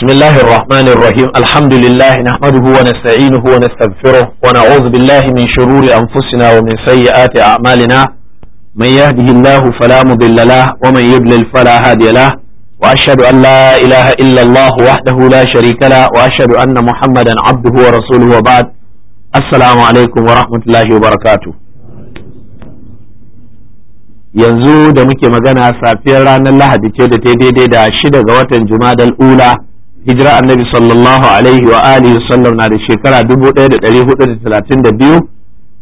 بسم الله الرحمن الرحيم الحمد لله نحمده ونستعينه ونستغفره ونعوذ بالله من شرور أنفسنا ومن سيئات أعمالنا من يهده الله فلا مضل له ومن يضلل فلا هادي له وأشهد أن لا إله إلا الله وحده لا شريك له وأشهد أن محمدا عبده ورسوله وبعد السلام عليكم ورحمة الله وبركاته yanzu da muke magana safiyar ranar lahadi ce da ta daidai da shida ga watan jumadal ula hijira annabi sallallahu alaihi wa alihi sallam na da shekara 1432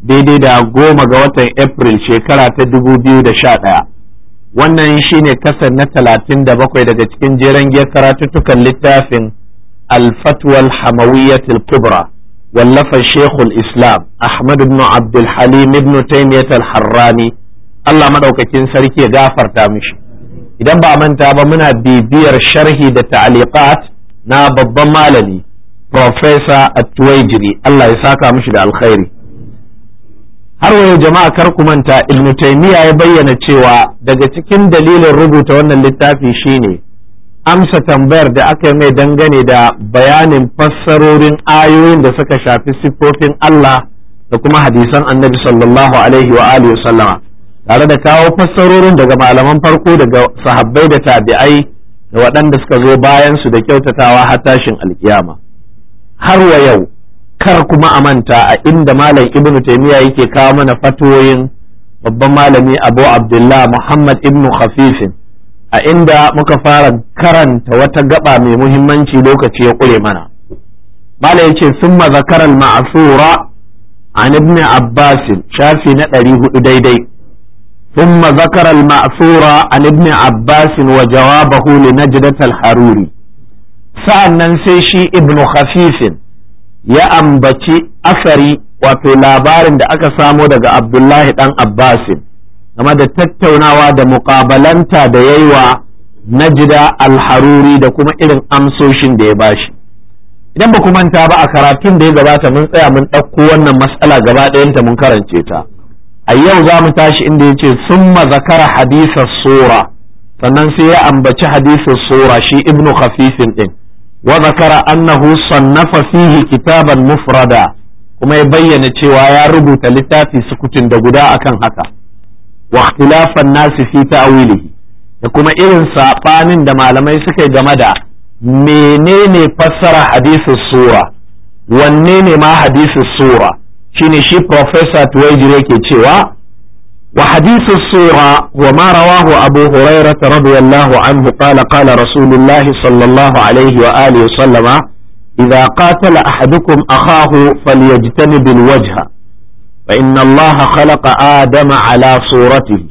daidai da goma ga watan april shekara ta 2011 wannan shine kasar na 37 daga cikin jeren giyar littafin al-fatwa kubra wallafa shekul islam ahmad ibn abdul halim ibn taymiyyat al-harrani Allah madaukakin sarki ya gafarta mishi idan ba manta ba muna bibiyar sharhi da ta'aliqat na babban malami professor Atuwaijiri Allah ya saka mushi da alkhairi har wayo jama'a kar ku manta Ibn Taymiyyah ya bayyana cewa daga cikin dalilin rubuta wannan littafi shine amsa tambayar da aka yi mai dangane da bayanin fassarorin ayoyin da suka shafi siffofin Allah da kuma hadisan Annabi sallallahu alaihi wa alihi sallama tare da kawo fassarorin daga malaman farko daga sahabbai da tabi'ai da waɗanda suka zo bayan su da kyautatawa har tashin alkiyama har wa yau kar kuma a manta a inda malam ibnu taimiyya yake kawo mana fatoyin babban malami abu abdullah muhammad ibnu khafifin a inda muka fara karanta wata gaba mai muhimmanci lokaci ya ƙure mana malam yace summa zakaral ma'asura an ibn abbasin shafi na ɗari hudu daidai ثم ذكر المأثور عن ابن عباس وجوابه لنجدة الحروري sa'annan sai shi ibnu khafifin ya ambaci asari wato labarin da aka samo daga abdullahi dan abbasin game da tattaunawa da muƙabalanta da ya wa najida alharuri da kuma irin amsoshin da ya bashi idan ba manta ba a karatun da ya gabata mun tsaya mun ɗauko wannan matsala gaba ɗayanta mun karance ta a yau za mu tashi inda ya ce summa zakara hadisa sura sannan sai ya ambaci hadisin sura shi ibnu khafifin din wa zakara annahu sannafa fihi kitaban mufrada kuma ya bayyana cewa ya rubuta littafi sukutun da guda akan haka wa ikhtilafan nasi fi ta'wilihi da kuma irin saɓanin da malamai suka yi game da menene fassara hadisin sura wanne ne ma hadisin sura shine shi professor tuwaijir yake cewa wa hadisi sura wa ma rawahu abu ta radiyallahu anhu qala qala rasulullahi sallallahu alaihi wa alihi wa sallama idza qatala ahadukum akhahu falyajtanib alwajha fa inna allaha khalaqa adama ala suratihi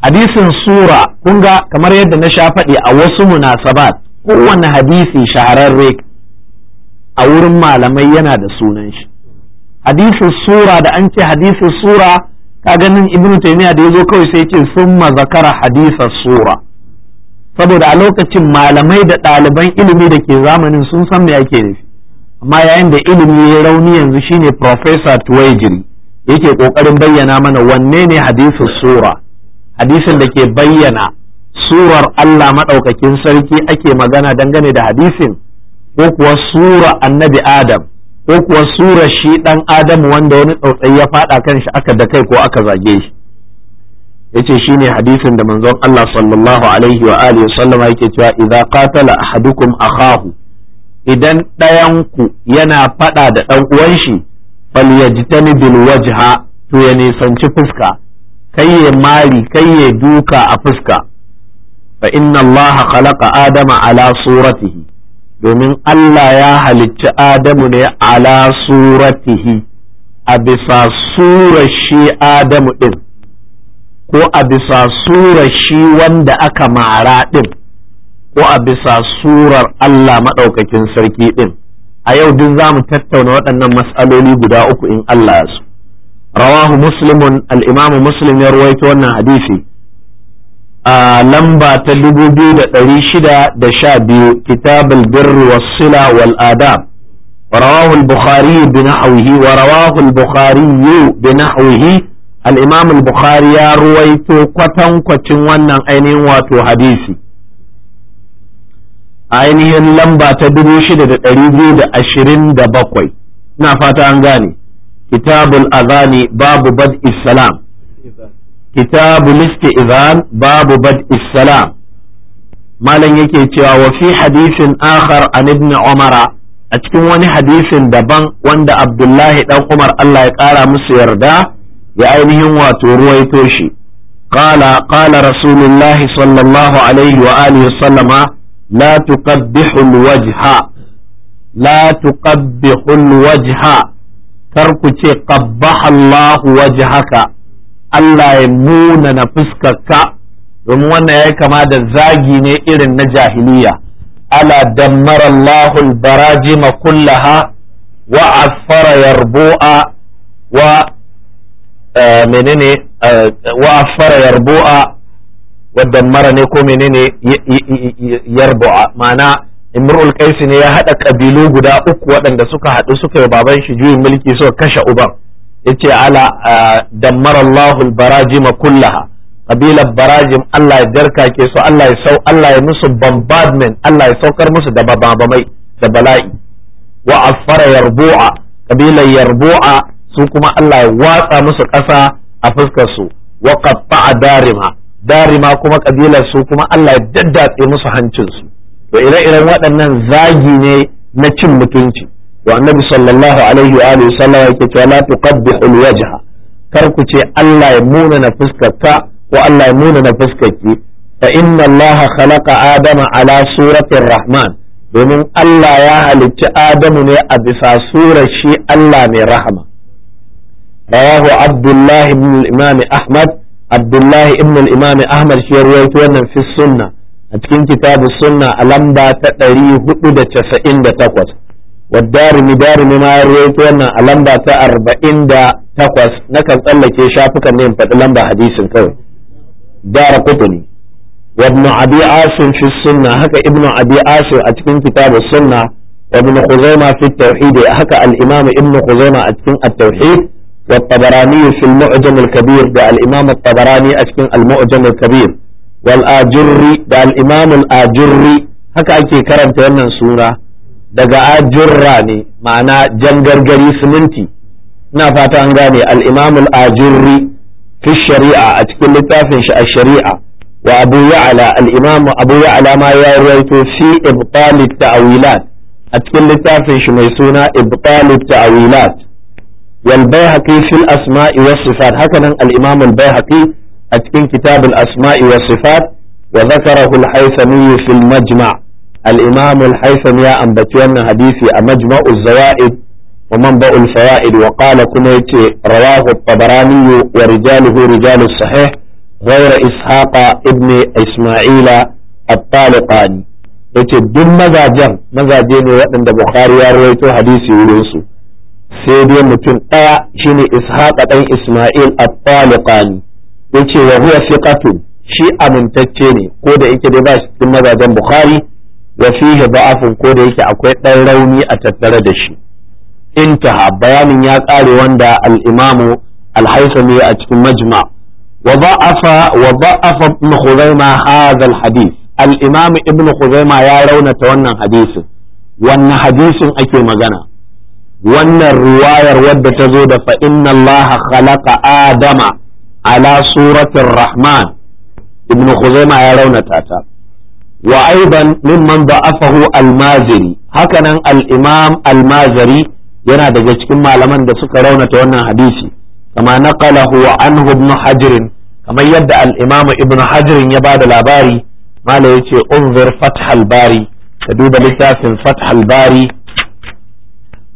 hadisin sura kunga kamar yadda na sha faɗi a wasu munasabat kowane hadisi shahararre a wurin malamai yana da sunan shi hadisin sura da an ce hadisin sura ka ganin ibnu taymiya da ya zo kawai sai ce summa zakara hadisin sura saboda a lokacin malamai da ɗaliban ilimi da ke zamanin sun san me ake nufi amma yayin da ilimi ya rauni yanzu shine professor tuwaijiri yake kokarin bayyana mana wanne ne hadisin sura hadisin da ke bayyana surar Allah maɗaukakin sarki ake magana dangane da hadisin ko kuwa sura annabi Adam ko kuwa sura shi ɗan adam wanda wani tsautsayi ya faɗa kan shi aka da kai ko aka zage shi yace shine hadisin da manzon Allah sallallahu alaihi wa alihi sallama yake cewa idza qatala ahadukum akahu idan ɗayanku yana faɗa da ɗan uwan shi falyajtani bil wajha to ya nisanci fuska kai ya mari kai ya duka a fuska fa inna Allah khalaqa adama ala suratihi domin Allah ya halicci Adamu ne ala suratihi a bisa surar shi Adamu ɗin ko a bisa surar shi wanda aka mara ɗin ko a bisa surar Allah maɗaukakin sarki ɗin a yau duk za mu tattauna waɗannan matsaloli guda uku in Allah ya so rawahu muslimun al-imamu muslim ya ruwaito wannan hadisi a lamba ta dubu biyu da ɗari shida da sha biyu kitabul birri was sila wal adab rawahu al-bukhari bi nahwihi wa rawahu al-bukhari bi nahwihi al-imam al-bukhari ya ruwaito kwatan kwacin wannan ainihin wato hadisi ainihin lamba ta dubu shida da ɗari biyu da ashirin da bakwai ina fata an gane kitabul azani babu bad islam كتاب الاستئذان باب بدء السلام malam yake cewa wa fi hadisin akhar an ibn umar a cikin wani hadisin daban wanda abdullahi dan umar Allah ya kara musu yarda ya ainihin wato ruwaito shi qala qala rasulullahi sallallahu alaihi wa alihi sallama la tuqaddihu alwajha la tuqaddihu alwajha kar ku ce qabbaha Allah wajhaka Allah ya munana fuskarka domin wannan ya yi kama da zagi ne irin na jahiliya ala damar Allahul barajima kullaha wa asfara yarbu'a wa eh, menene eh, wa asfara yarbu'a wa ne ko menene yarbu'a ma'ana imrul kaisi ne ya haɗa ƙabilu guda uku waɗanda suka haɗu suka yi baban shi juyin mulki suka kashe uban yace ala dammara Allahu al-barajim kullaha kabilar barajim Allah ya ke su Allah ya sau Allah ya musu bombardment Allah ya saukar musu da babamai da bala'i wa afara yarbu'a kabilar yarbu'a su kuma Allah ya watsa musu ƙasa a fuskar su wa qatta'a darima darima kuma kabilar su kuma Allah ya daddatse musu hancin su to ire-iren waɗannan zagi ne na cin mutunci wa annabi sallallahu alaihi wa alihi sallama yake cewa la tuqabbihul wajha kar ku ce Allah ya muna na fuskarka ko Allah ya muna na fuskarki fa adama ala suratir rahman domin Allah ya halicci Adamu ne a bisa surar shi Allah mai rahama rawahu Abdullahi ibn al-Imam Ahmad Abdullahi ibn al-Imam shi rawaito wannan fi sunna a cikin ɗari sunna a lamba da 498 والدارمي دارمي ما يرويت وانا ألمبا تأربعين دا تقوس نكن تلك شافك نيم فتلمبا حديث كوي دار قطني وابن أبي عاصم في السنة هكا ابن أبي عاصم أتكين كتاب السنة وابن خزيمة في التوحيد هكا الإمام ابن خزيمة أتكين التوحيد والطبراني في المعجم الكبير ده الإمام الطبراني أشكن المعجم الكبير والآجري ده الإمام الآجري هكا أكي كرمت wannan sura daga ajurra ne ma'ana jangargari siminti ina fata an gane al-imam fi shari'a a cikin littafin shi a shari'a wa abu ya'la al abu ma ya rawaito fi ibtal at a cikin littafin shi mai suna ibtal at wal bayhaqi fil asmai was sifat hakanan al-imam al-bayhaqi a cikin kitab al-asma'i was sifat wa dhakarahu al-haythami fi majma al-imam al-haytham ya ambaci wannan hadisi a majma'u zawaid wa manba'ul fawaid wa qala kuma yace rawahu at wa rijaluhu rijalu sahih غير إسحاق ابن isma'ila الطالقاني yace duk mazajen mazaje ne waɗanda Bukhari ya rawaito hadisi wurin sai dai mutum ɗaya shine Ishaq dan Isma'il at-Taliqani yace wa huwa thiqatun shi amintacce ne ko da yake dai ba shi cikin mazajen Bukhari wa fihi da'afun ko da yake akwai ɗan rauni a tattare da shi intaha bayanin ya ƙare wanda al-imamu al-haythami a cikin majma wa da'afa wa da'afa ibn khuzaima hadha al-hadith al-imam ibn khuzaima ya raunata wannan hadisin wannan hadisin ake magana wannan riwayar wadda ta zo da fa inna allaha khalaqa adama ala suratir rahman ibn khuzaima ya raunata ta wa aiban mimman da'afahu al-maziri hakanan al yana daga cikin malaman da suka raunata wannan hadisi kama naqalahu anhu ibn hajr kamar yadda al-imam ibn hajr ya bada labari mala yace unzir fathal bari ka duba littafin fathal bari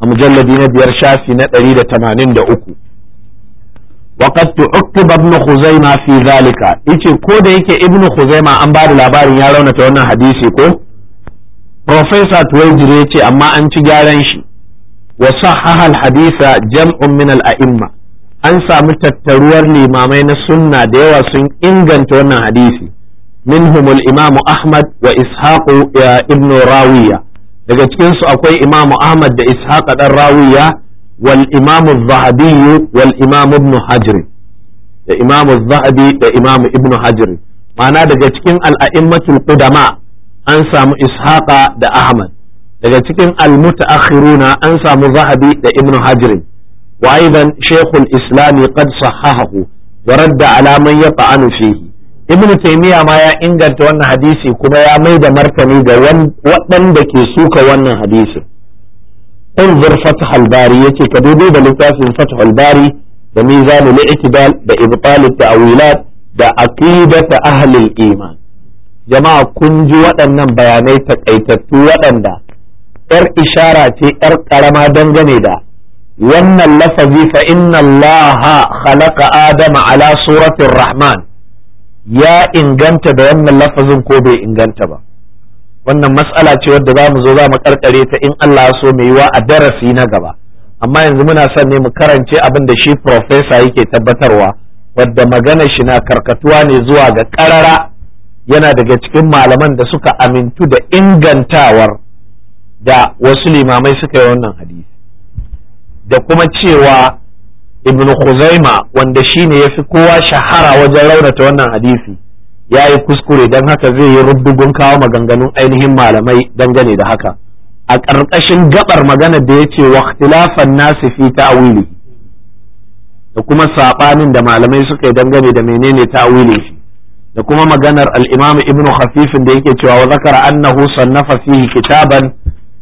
a mujalladi na biyar shafi na 183 وقد تعقب ابن خزيمة في ذلك يجي كود يكي ابن خزيمة أن بعد الأبار يارون تونا حديثي كو بروفيسور تويجري يجي أما أنت جارنشي وصحح الحديث جمع من aimma an samu tattaruwar limamai na sunna da yawa sun inganta wannan hadisi minhumul imamu ahmad wa ishaqu ibn rawiya daga cikinsu akwai imam ahmad da ishaq dan rawiya wal imam zahabi da imam az-zahabi da ibn hajr ma'ana daga cikin al-a'immatul qudama an samu ishaqa da ahmad daga cikin al-mutaakhiruna an samu zahabi da ibn Hajari. wa aidan shaykhul islam qad sahahahu wa radda ala man yata'anu fihi ibn taymiya ma ya inganta wannan hadisi kuma ya mai da martani ga waɗanda ke suka wannan hadisin انظر فتح الباري يتي كدودو دا لتافي فتح الباري da ميزان الاعتدال da ابطال التأويلات دا عقيدة اهل الايمان jama'a kunji waɗannan bayanai takaitattu waɗanda ‘yar ishara ce ‘yar ƙarama dangane da wannan lafazi fa inna Allah khalaqa Adama ala suratin Rahman ya inganta da wannan lafazin ko bai inganta ba. wannan matsala ce wadda za mu zo za mu karkare ta in Allah so mai yiwa a darasi na gaba amma yanzu muna son ne mu karance abin da shi profesa yake tabbatarwa wadda magana shi na karkatuwa ne zuwa ga karara yana daga cikin malaman da suka amintu da ingantawar da wasu limamai suka yi wannan hadisi da kuma cewa ibn Khuzaima wanda shine yafi kowa shahara wajen raunata wannan hadisi ya yi kuskure don haka zai yi rubdugun kawo maganganun ainihin malamai dangane da haka a ƙarƙashin gaɓar magana da ya ce waktilafan nasu fi ta'wili da kuma saɓanin da malamai suka yi dangane da menene ta'wili da kuma maganar al'imamu ibnu hafifin da yake cewa wa zakara annahu sannafa fihi kitaban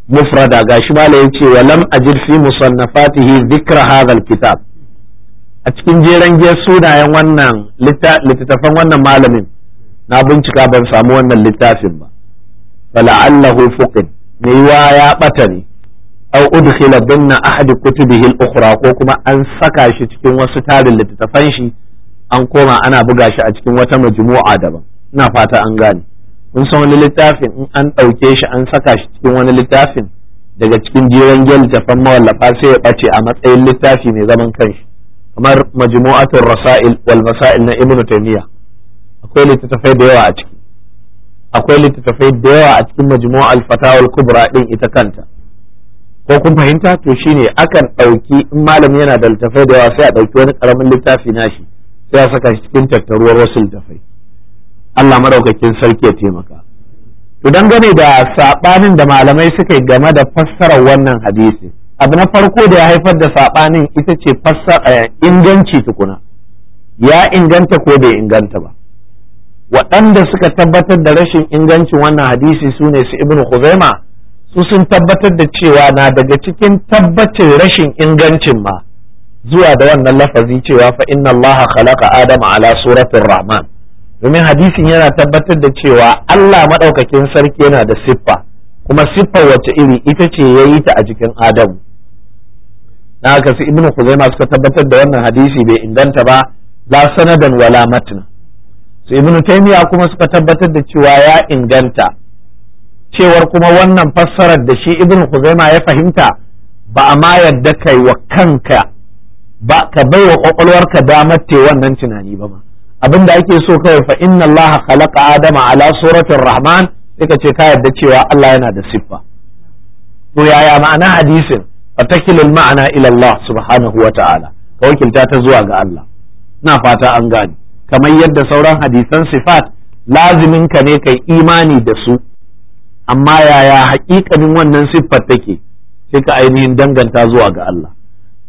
mufrada gashi mala ya ce wa lam ajid fi musannafatihi dhikra hadha kitab a cikin jeren giyar sunayen wannan littattafan wannan malamin na bincika ban samu wannan littafin ba fala'allahu fuqin me yiwa ya bata ne aw udkhila binna ahad kutubihi al-ukhra ko kuma an saka shi cikin wasu tarin littattafan shi an koma ana buga shi a cikin wata majmu'a daban ina fata an gane kun san wani littafin in an ɗauke shi an saka shi cikin wani littafin daga cikin jiran gyal jafan mawallafa sai ya bace a matsayin littafi mai zaman kanshi kamar majmu'atul rasail wal masail na ibnu akwai littattafai da yawa a ciki akwai littattafai da yawa a cikin majmu'a alfatawar kubra din ita kanta ko kun fahimta to shine akan ɗauki in malami yana da littattafai da yawa sai a ɗauki wani ƙaramin littafi nashi sai a saka shi cikin tattaruwar wasu littattafai Allah madaukakin sarki ya taimaka to dangane da sabanin da malamai suka yi game da fassarar wannan hadisi abu na farko da ya haifar da sabanin ita ce fassara eh, inganci tukuna ya inganta ko bai inganta ba waɗanda suka tabbatar da rashin ingancin wannan hadisi su ne su Ibn khuzaima su sun tabbatar da cewa na daga cikin tabbacin rashin ingancin ma zuwa da wannan lafazi cewa fa inna Allah khalaqa adama ala suratul rahman domin hadisin yana tabbatar da cewa Allah madaukakin sarki yana da siffa kuma siffar wacce iri ita ce yayi ta a jikin Adamu na haka su ibn Khuzaima suka tabbatar da wannan hadisi bai inganta ba la sanadan wala matna su ibnu taymiya kuma suka tabbatar da cewa ya inganta cewar kuma wannan fassarar da shi ibnu huzaima ya fahimta ba a ma yadda kai wa kanka ba ka bai wa kwakwalwarka damar te wannan tunani ba ma abin da ake so kawai fa inna allaha khalaqa adama ala suratin rahman sai ka ce ka yadda cewa Allah yana da siffa to yaya ma'ana hadisin fatakilul ma'ana ila Allah subhanahu wa ta'ala ka wakilta ta zuwa ga Allah na fata an gane kamar yadda sauran hadisan sifat lazimin ka ne kai imani da su amma yaya haƙiƙanin wannan siffar take sai ka ainihin danganta zuwa ga Allah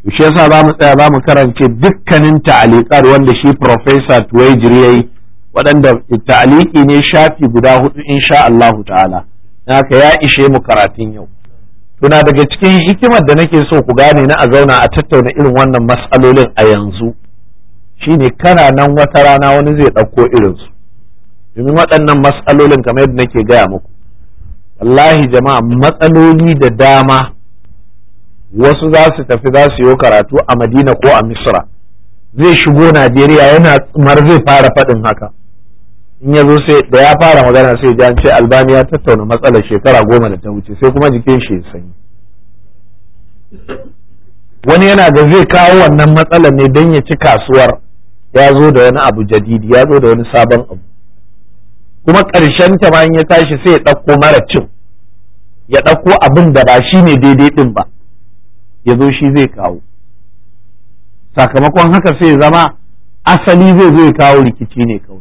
to shi yasa za mu tsaya za mu karance dukkanin ta'aliqar wanda shi professor Tuwaijiri yayi waɗanda ta'aliki ne shafi guda hudu insha Allah ta'ala haka ya ishe mu karatun yau tuna daga cikin hikimar da nake so ku gane na a zauna a tattauna irin wannan matsalolin a yanzu shine kana nan wata rana wani zai ɗauko irinsu domin waɗannan matsalolin kamar yadda nake gaya muku wallahi jama'a matsaloli da dama wasu za su tafi za su yi karatu a madina ko a misra zai shigo najeriya yana mar zai fara faɗin haka in ya zo sai da ya fara magana sai ya ce ya tattauna matsalar shekara goma da ta wuce sai kuma jikin shi ya sanyi wani yana da zai kawo wannan matsalar ne don ya ci kasuwar ya zo da wani abu jadidi ya zo da wani sabon abu kuma ƙarshen ta bayan ya tashi sai ya ɗauko mara cin ya ɗauko abin da ba shi ne daidai ɗin ba ya zo shi zai kawo sakamakon haka sai ya zama asali zai zo ya kawo rikici ne kawai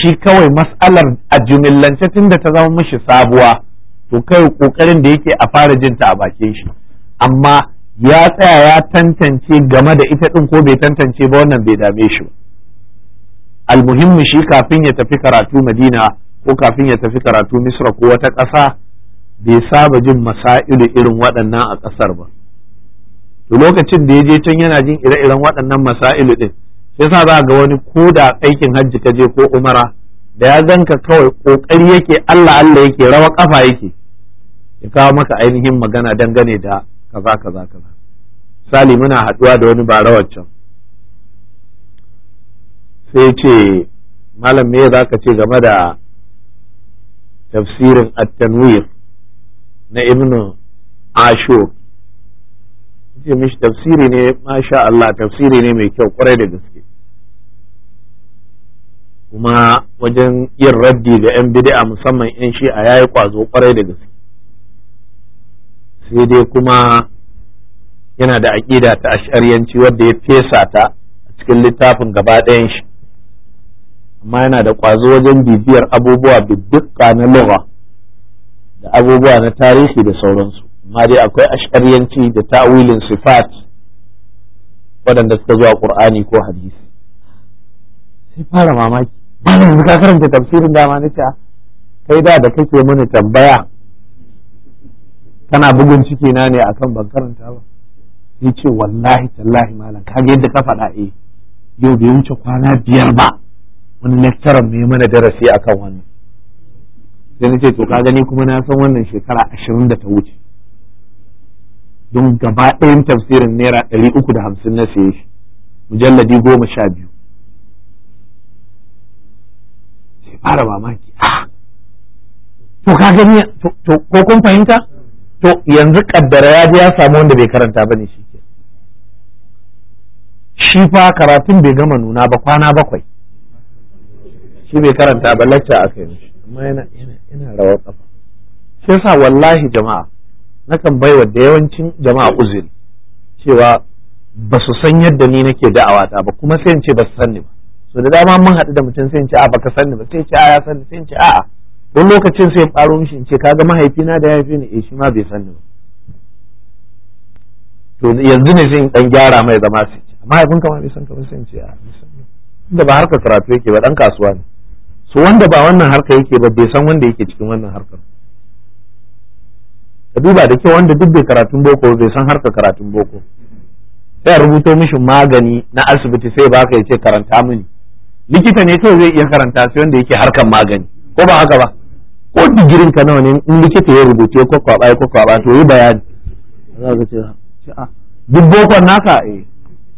shi kawai matsalar a jimillance tun da ta zama mishi sabuwa to kai kokarin da yake a fara jin ta a bakin shi amma ya tsaya ya tantance game da ita ɗin ko bai tantance ba wannan bai dame shi ba almuhimmi shi kafin ya tafi karatu madina ko kafin ya tafi karatu misra ko wata ƙasa bai saba jin masa'ilu irin waɗannan a ƙasar ba to lokacin da ya je can yana jin ire-iren waɗannan masa'ilu ɗin sai sa za ga wani ko da aikin hajji ka je ko umara da ya ganka kawai ƙoƙari yake Allah Allah yake rawa ƙafa yake ya kawo maka ainihin magana dangane da kaza kaza kaza misali muna haɗuwa da wani ba rawar can sai ce malam me za ka ce game da tafsirin at-tanwir na ibnu ashur ce mishi tafsiri ne masha Allah tafsiri ne mai kyau kwarai da gaske kuma wajen yin raddi ga 'yan bid'a musamman 'yan shi'a ya yi kwazo kwarai da gaske sai dai kuma yana da aƙida ta ashariyanci wadda ya fesa ta a cikin littafin gaba ɗayan shi amma yana da ƙwazo wajen bibiyar abubuwa bibbika na lura da abubuwa na tarihi da sauransu amma dai akwai ashariyanci da ta'awilin sifat waɗanda suka zuwa ƙur'ani ko hadisi sai fara mamaki ba na yanzu ka karanta tafsirin dama na ce kai da da kake mana tambaya kana bugun ciki na ne akan ban karanta ba sai ce wallahi tallahi malam kaga yadda ka faɗa eh yau bai wuce kwana biyar ba wani lecturer mai mana darasi akan wannan sai na ce to ka gani kuma na san wannan shekara ashirin da ta wuce don gaba ɗayan tafsirin naira ɗari uku da hamsin na saye shi mujalladi goma sha biyu sai fara mamaki ah, to ka gani to ko kun fahimta to yanzu kaddara ya ji ya samu wanda bai karanta bane shi ke shi fa karatun bai gama nuna ba kwana bakwai shi bai karanta ba lacca aka yi mishi amma yana yana rawar kafa shi yasa wallahi jama'a nakan baiwa da yawancin jama'a uzuri cewa ba su san yadda ni nake da'awata ba kuma sai in ce ba su san ni ba so da dama mun haɗu da mutum sai in ce a baka san ni ba sai ce a ya san ni sai in ce a'a don lokacin sai in faro mishi in ce kaga mahaifina da ya haife ni eh shi ma bai san ni ba to yanzu ne sai in dan gyara mai zama sai mahaifinka ma bai san ka ba sai in ce a'a da ba harka karatu yake ba dan kasuwa ne su wanda ba wannan harka yake ba bai san wanda yake cikin wannan harkar ka duba da kyau wanda duk bai karatun boko bai san harka karatun boko sai rubuto mishi magani na asibiti sai baka ya ce karanta mini likita ne kawai zai iya karanta sai wanda yake harkar magani ko ba haka ba ko digirin ka nawa ne in likita ya rubuce ko kwaba ko kwaba to yi bayani za ka ce ah, duk bokon naka eh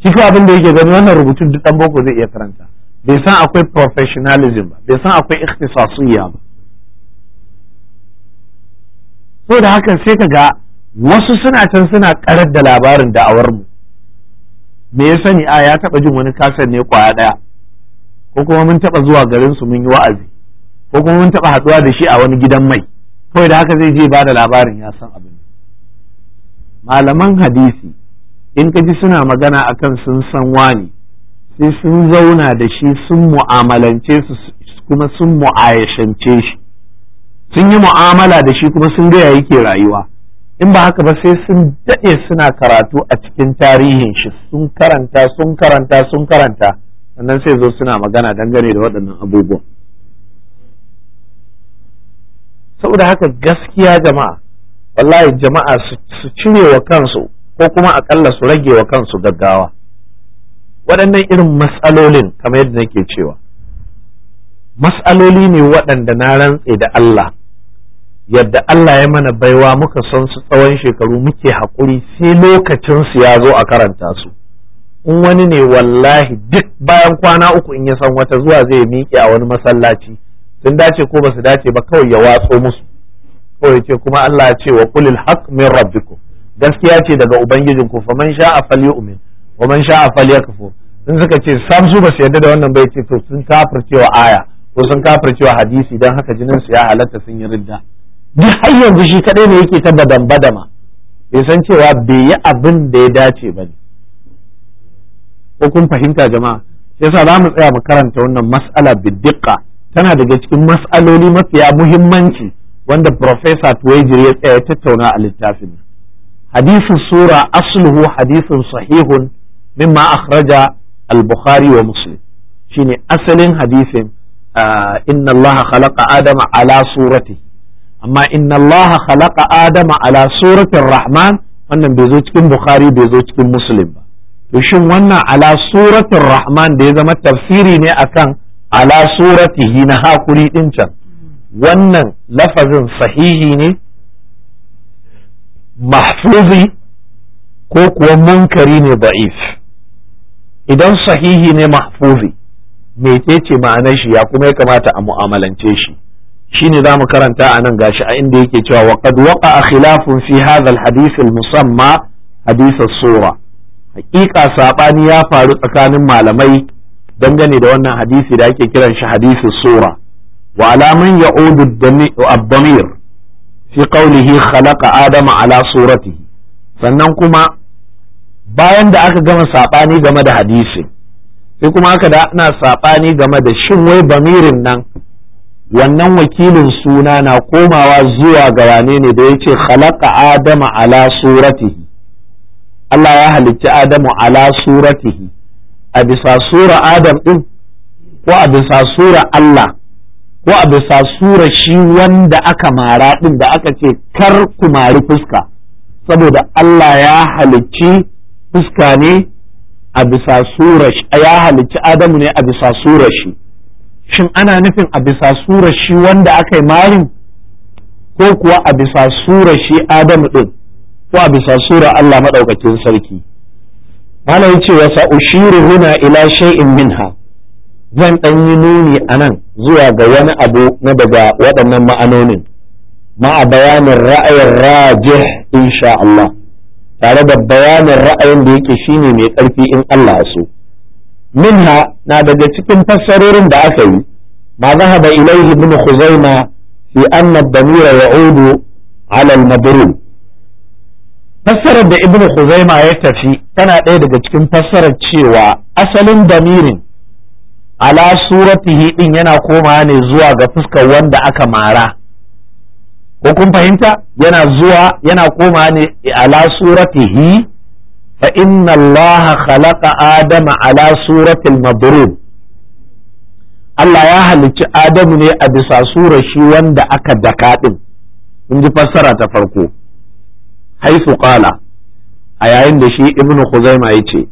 shi abin da yake gani wannan rubutun duk dan boko zai iya karanta bai san akwai professionalism ba bai san akwai ikhtisasiyya ba so da hakan sai ka ga wasu suna can suna karar da labarin da'awar mu me ya sani a ya taba jin wani kasar ne kwaya daya ko kuma mun taba zuwa garin su mun yi wa'azi ko kuma mun taba haduwa da shi a wani gidan mai kawai da haka zai je ba da labarin ya san abin malaman hadisi in ka ji suna magana akan sun san wani sai sun zauna da shi sun mu'amalance su kuma sun mu'ayashance shi sun yi mu'amala da shi kuma sun gaya yake rayuwa in ba haka ba sai sun daɗe suna karatu a cikin tarihin shi sun karanta sun karanta sun karanta sannan sai zo suna magana dangane da waɗannan abubuwan saboda haka gaskiya jama'a wallahi jama'a su cire wa kansu ko kuma akalla su rage wa kansu gaggawa waɗannan irin matsalolin kamar yadda nake cewa matsaloli ne waɗanda na rantse da Allah yadda Allah ya mana baiwa muka san su tsawon shekaru muke haƙuri sai lokacin su ya zo a karanta su in wani ne wallahi duk bayan kwana uku in ya san wata zuwa zai miƙe a wani masallaci sun dace ko ba su dace ba kawai ya watso musu kawai ce kuma Allah ya ce wa kulil haq min rabbikum gaskiya ce daga ubangijinku faman sha'a falyu'min wa man sha'a falyakfur in suka ce sam su ba su yarda da wannan bai ce to sun kafircewa aya ko sun kafircewa hadisi dan haka jinin su ya halatta sun yi ridda duk har yanzu shi kadai ne yake ta badan badama bai san cewa bai yi abin da ya dace ba ne ko kun fahimta jama'a sai yasa za mu tsaya mu karanta wannan mas'ala biddiqa tana daga cikin mas'aloli mafiya muhimmanci wanda professor Tuwejiri ya tsaya tattauna a littafin hadisin sura asluhu hadisin sahihun min akhraja al-bukhari wa muslim shine asalin hadisin inna allaha khalaqa adama ala surati amma inna allaha khalaqa adama ala suratin rahman wannan bai zo cikin bukhari bai zo cikin muslim ba to shin wannan ala suratin rahman da ya zama tafsiri ne akan ala suratihi na hakuri din can wannan lafazin sahihi ne mahfuzi ko kuwa munkari ne da'if idan sahihi ne mahfuzi mecece ma'anar shi ya kuma ya kamata a mu'amalance shi shi ne za mu karanta a nan gashi a inda yake cewa wa qad a khilafun fi hadha al-hadith al-musamma musamma hadith as sura haƙiƙa sabani ya faru tsakanin malamai dangane da wannan hadisi da ake kiran shi hadith as-sura wa alaman ya'udu ad-damir fi qawlihi khalaqa adama ala suratihi sannan kuma bayan da aka gama saɓani game da hadisi sai kuma aka da ana saɓani game da shin wai bamirin nan wannan wakilin suna na komawa zuwa ga wane ne da ya ce khalaqa adama ala suratihi Allah ya halicci adamu ala suratihi a bisa sura adam din ko a bisa sura Allah ko a bisa sura shi wanda aka mara din da aka ce kar ku mari fuska saboda Allah ya halicci fuska ne a bisa ya halicci adamu ne a bisa shi shin ana nufin a bisa surar shi wanda aka yi marin ko kuwa a bisa shi adamu ɗin ko a bisa sura Allah maɗaukakin sarki malam ce wasa ushiru huna ila shay'in minha zan ɗan yi nuni a nan zuwa ga wani abu na daga waɗannan ma'anonin ma'a bayanin ra'ayin rajih insha Allah tare da bayanin ra'ayin da yake shine mai ƙarfi in Allah so minha na daga cikin fassarorin da aka yi ma zahaba ilaihi ibn khuzaima fi anna ad-damira ya'udu ala al-madrub fassarar da ibn khuzaima ya tafi tana ɗaya daga cikin fassarar cewa asalin damirin ala suratihi din yana komawa ne zuwa ga fuskar wanda aka mara ko kun fahimta yana zuwa yana koma ne ala suratihi fa inna allaha khalaqa adama ala suratil madrub Allah ya halicci Adamu ne a bisa surar shi wanda aka daka din in ji fassara ta farko haifu qala a yayin da shi ibnu khuzaima yace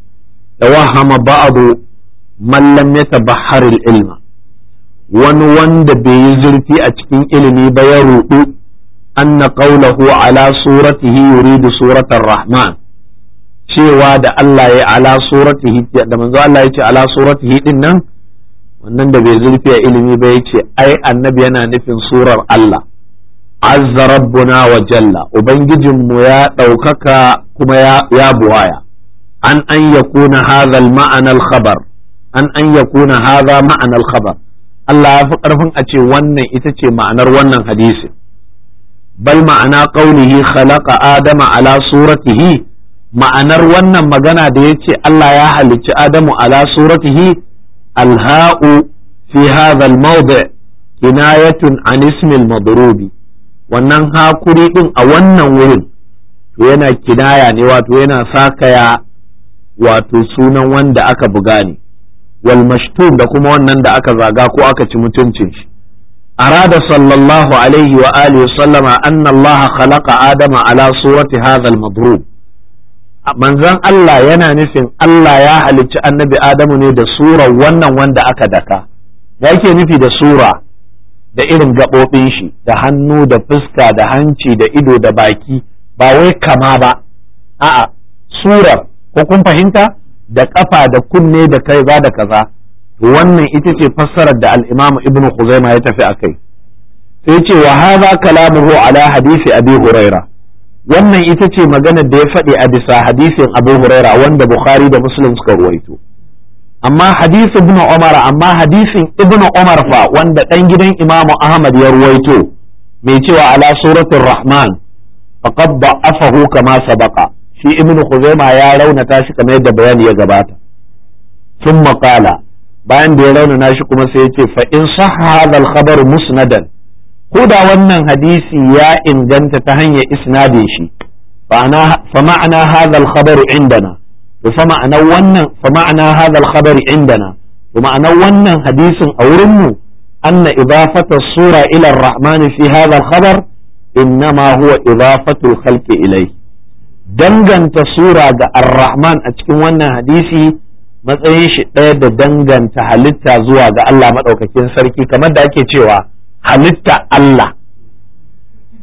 tawahama ba'adu man lam yatabahhar ilma wani wanda bai yi zurfi a cikin ilimi ba ya rudu anna qawluhu ala suratihi yuridu suratar rahman cewa da Allah ya ala suratihi manzo Allah ya ce ala wannan da bai zurfi a ilimi ba yace ai annabi yana nufin surar Allah azza rabbuna wa jalla ubangijinmu ya ɗaukaka kuma ya buwaya an an yakuna hadha al-ma'ana al-khabar an an yakuna hadha ma'ana al-khabar Allah ya fi karfin a ce wannan ita ce ma'anar wannan hadisi bal ma'ana qaulihi khalaqa adama ala suratihi ma'anar wannan magana da yace Allah ya halicci Adamu ala suratihi alha'u fi hadha al kinayatun an ismi wannan hakuri din a wannan wurin to yana kinaya ne wato yana sakaya wato sunan wanda aka buga ne wal mashtub da kuma wannan da aka zaga ko aka ci mutuncin shi أراد صلى الله عليه وآله وسلم أن الله خلق آدم على صورة هذا المضروب manzon Allah yana nufin Allah ya halicci annabi Adamu ne da sura wannan wanda aka daka da yake nufi da sura da irin gaɓoɓin shi da hannu da fuska da hanci da ido da baki ba wai kama ba a'a surar ko kun fahimta da ƙafa da kunne da kai da kaza wannan ita ce fassarar da al'imam ibnu Ibn ya tafi a kai sai ce wa hadha kalamuhu ala hadisi Abi Huraira wannan ita ce maganar da ya faɗi a bisa hadisin Abu Huraira wanda Bukhari da Muslim suka ruwaito amma hadisi Ibn Umar amma hadisin Ibn Umar fa wanda ɗan gidan Imam Ahmad ya ruwaito mai cewa ala suratul Rahman faqad da'afahu kama sabaqa shi Ibn Khuzaimah ya raunata shi kamar yadda bayani ya gabata ثم قال bayan da ya raunana shi kuma sai ya ce fa in sahha hadha al musnadan ko da wannan hadisi ya inganta ta hanyar isnade shi fa ma'ana hadha al-khabar indana fa ma'ana wannan fa ma'ana hadha al-khabar indana to ma'ana wannan hadisin a wurin mu anna idafata sura ila ar-rahman fi hadha al-khabar innama huwa idafatu al-khalqi ilay danganta sura ga ar-rahman a cikin wannan hadisi matsayin shi ɗaya da danganta halitta zuwa ga Allah maɗaukakin sarki kamar da ake cewa halitta Allah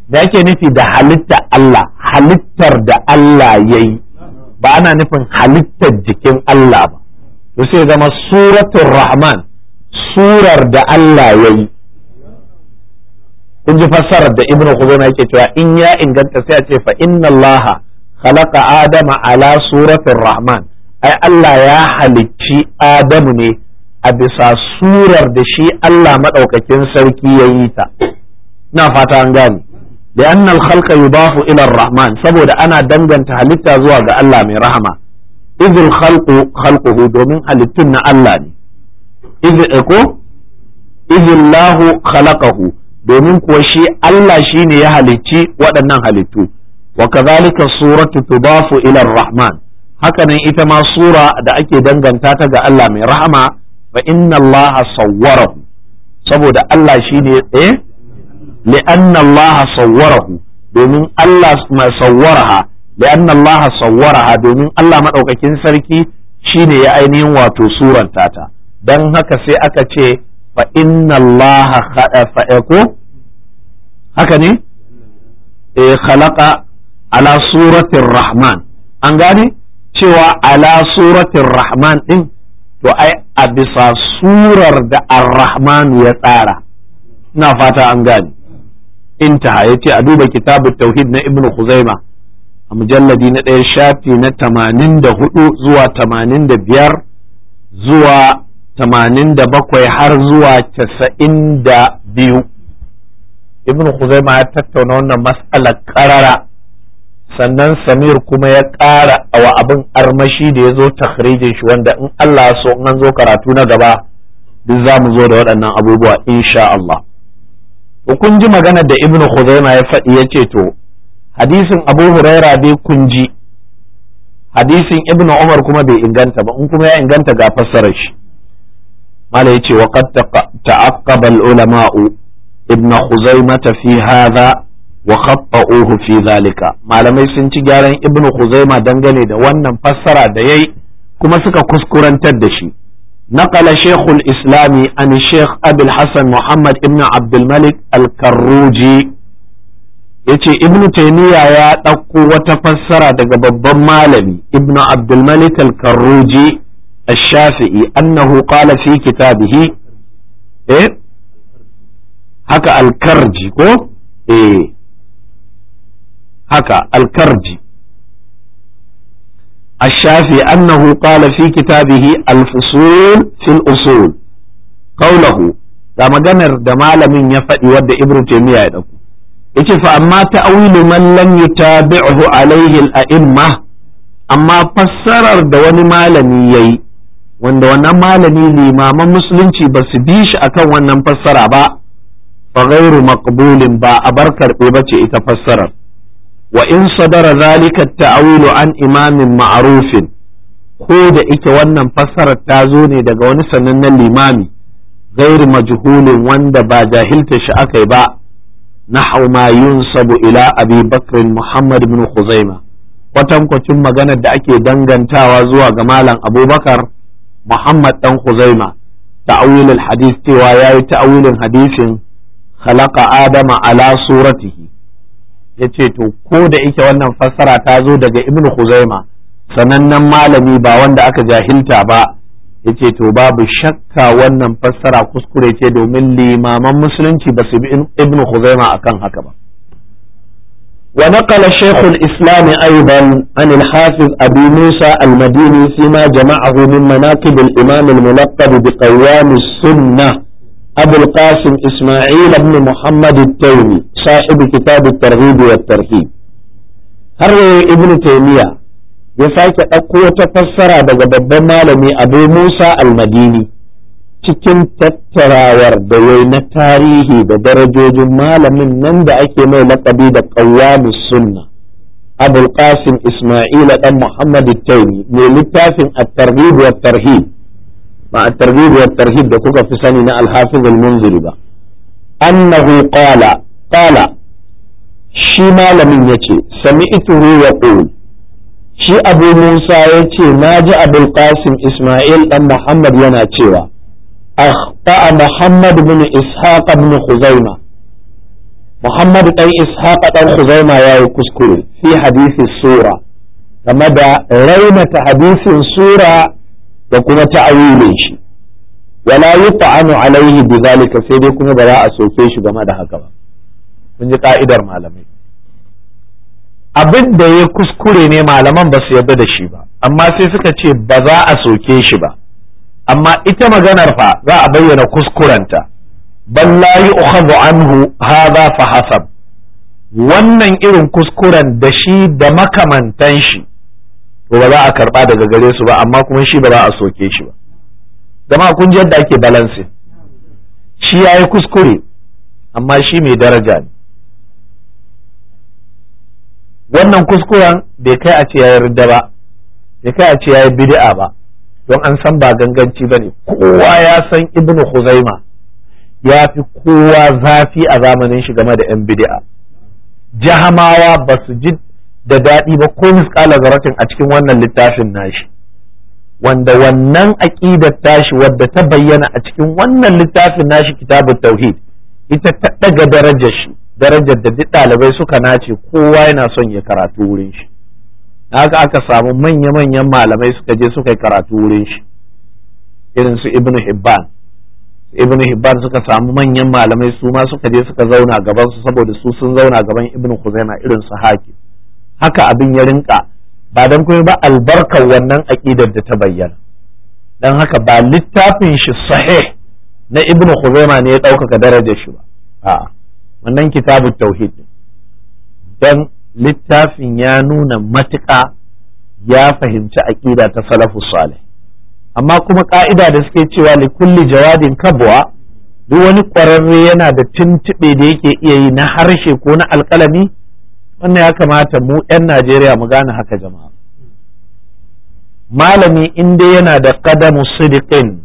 da ake nufi da halitta Allah halittar da Allah ya yi ba ana nufin halittar jikin Allah ba to sai zama suratul rahman surar da Allah ya yi kun ji fassarar da ibnu khuzaimah yake cewa in ya inganta sai a ce fa inna Allah khalaqa adama ala suratul rahman ai Allah ya halicci Adamu ne a bisa surar da shi Allah maɗaukakin sarki ya yi ta na fata an gane da annal khalqa yudafu rahman saboda ana danganta halitta zuwa ga Allah mai rahama idil khalqu khalquhu domin halittun na Allah ne idil eh, ko idil lahu khalaqahu domin kuwa shi Allah shine ya halicci waɗannan halittu wa kazalika suratu tudafu ilar rahman hakanan ita ma sura da ake danganta ta ga Allah mai rahama fa inna Allah sawwarahu saboda Allah shine eh anna Allah sawwarahu domin Allah mai sawwaraha anna Allah sawwaraha domin Allah madaukakin sarki shine ya ainihin wato suranta ta dan haka sai aka ce fa inna Allah fa'aku eh, haka ne eh khalaqa ala suratir rahman an gane cewa ala suratin rahman din to ai a bisa surar da ar ya tsara ina fata an gani. intaha ya ce a duba kitabun tauhid na ibn khuzaima a mujalladi na ɗaya shafi na tamanin da hudu zuwa tamanin da biyar zuwa tamanin da bakwai har zuwa casa'in da biyu ibn khuzaima ya tattauna wannan matsalar karara sannan samir kuma ya ƙara wa abin armashi da ya zo takhrijin shi wanda in Allah so in an zo karatu na gaba duk za mu zo da waɗannan abubuwa insha Allah to kun ji maganar da ibnu khuzaima ya faɗi ya ce to hadisin abu huraira dai kun ji hadisin ibnu umar kuma bai inganta ba in kuma ya inganta ga fassarar shi mala yace wa qad ta'aqqaba al-ulama'u ibnu khuzaimah fi hadha wa khatta'uhu fi zalika malamai sun ci gyaran ibnu khuzaima dangane da wannan fassara da yayi kuma suka kuskurantar da shi نقل شيخ الإسلام عن hasan أبي الحسن محمد ابن malik الملك الكروجي yace ibnu taymiya ya ɗauko wata fassara daga babban malami ibnu abdulmalik al-karruji ash-shafi'i annahu qala fi kitabihi eh haka al-karji ko eh haka alkarji ashafi annahu قال في كتابه الفصول في usul قوله da maganar da malamin ya faɗi wadda ibnu taymiya ya dauko yace fa amma ta'wilu man lam yutabi'hu alayhi al-a'imma amma fassarar da wani malami yayi wanda wannan malami limaman musulunci ba su bi shi akan wannan fassara ba fa ghairu maqbulin ba a bar karbe bace ita fassarar wa in sadara zalika ta'awilu an imamin ma'arufin ko da ike wannan fassarar ta zo ne daga wani sanannen limami غير majhulin wanda ba jahilta shi akai ba na ما sabu Ila-Abi Bakrin محمد bin خزيمة kwatankwacin maganar da ake dangantawa zuwa ga malam abubakar muhammad dan huzaima ta'awilul hadis cewa ya yi ta'awilin hadisin khalaqa adama ala suratihi ya ce to ko da ike wannan fassara ta zo daga ibn Khuzaima sanannen malami ba wanda aka jahilta ba ya ce to babu shakka wannan fassara kuskure ce domin limaman musulunci ba su bi ibn Khuzaima akan haka ba ونقل شيخ الإسلام أيضا عن الحافظ أبي موسى المديني فيما جمعه من مناقب الإمام الملقب بقوام السنة أبو القاسم إسماعيل بن محمد التيمي صاحب كتاب الترغيب والترهيب har ibnu taymiya ya sake ɗauko wata fassara daga babban malami abu musa almadini cikin tattarawar da yai na tarihi da darajojin malamin nan da ake mai laƙabi da ƙawamus sunna abul qasim isma'ila dan muhammad taimi mai littafin at-targhib wa tarhib ba at-targhib wa tarhib da kuka fi sani na al-hafiz al-munziri ba annahu qala qala shi malamin yace sami'tuhu yaqul shi abu musa ya ce na ji abul qasim ismail dan muhammad yana cewa akhta'a muhammad bin ishaq bin khuzaima muhammad dan ishaq dan khuzaima yayi kuskure fi hadisi sura game da raunata hadisin sura da kuma ta'awilin shi wala yut'anu alaihi bidhalika sai dai kuma ba za a soke shi game da haka ba mun ji ka'idar malamai abin da ya kuskure ne malaman ba su yarda da shi ba amma sai suka ce ba za a soke shi ba amma ita maganar fa za a bayyana kuskurenta bal la anhu hadha fa hasab wannan irin kuskuren da shi da makamantan shi to ba za a karba daga gare su ba amma kuma shi ba za a soke shi ba zama kun ji yadda ake balansin shi yayi kuskure amma shi mai daraja ne wannan kuskuren bai kai a ce ya yarda ba bai kai a ce ya bid'a ba don an san ba ganganci bane kowa ya san Ibn huzaima ya fi kowa zafi a zamanin shi game da yan bidi'a. jahamawa ba su ji da daɗi ba ko misƙala zaratin a cikin wannan littafin nashi wanda wannan aƙidar tashi wadda ta bayyana a cikin wannan littafin nashi kitabun tauhid ita ta ɗaga darajar shi darajar da duk ɗalibai suka nace kowa yana son ya karatu wurin shi haka aka samu manya-manyan malamai suka je suka yi karatu wurin shi irin su ibnu hibban ibnu hibban suka samu manyan malamai su ma suka je suka zauna gaban su saboda su sun zauna gaban ibnu khuzaima irin su hakim haka abin ya rinka ba dan kuma ba albarkar wannan aƙidar da ta bayyana dan haka ba littafin shi sahih na ibnu khuzaima ne ya ɗaukaka darajar shi ba a'a wannan kitabun tauhid don littafin ya nuna matuƙa ya fahimci aƙida ta salafu salih amma kuma ƙa'ida da suke cewa likulli jawabin jawadin kabwa duk wani ƙwararre yana da tuntuɓe da yake iya yi na harshe ko na alƙalami wannan ya kamata mu 'yan najeriya mu gane haka jama'a malami inda yana da qadamu sidiqin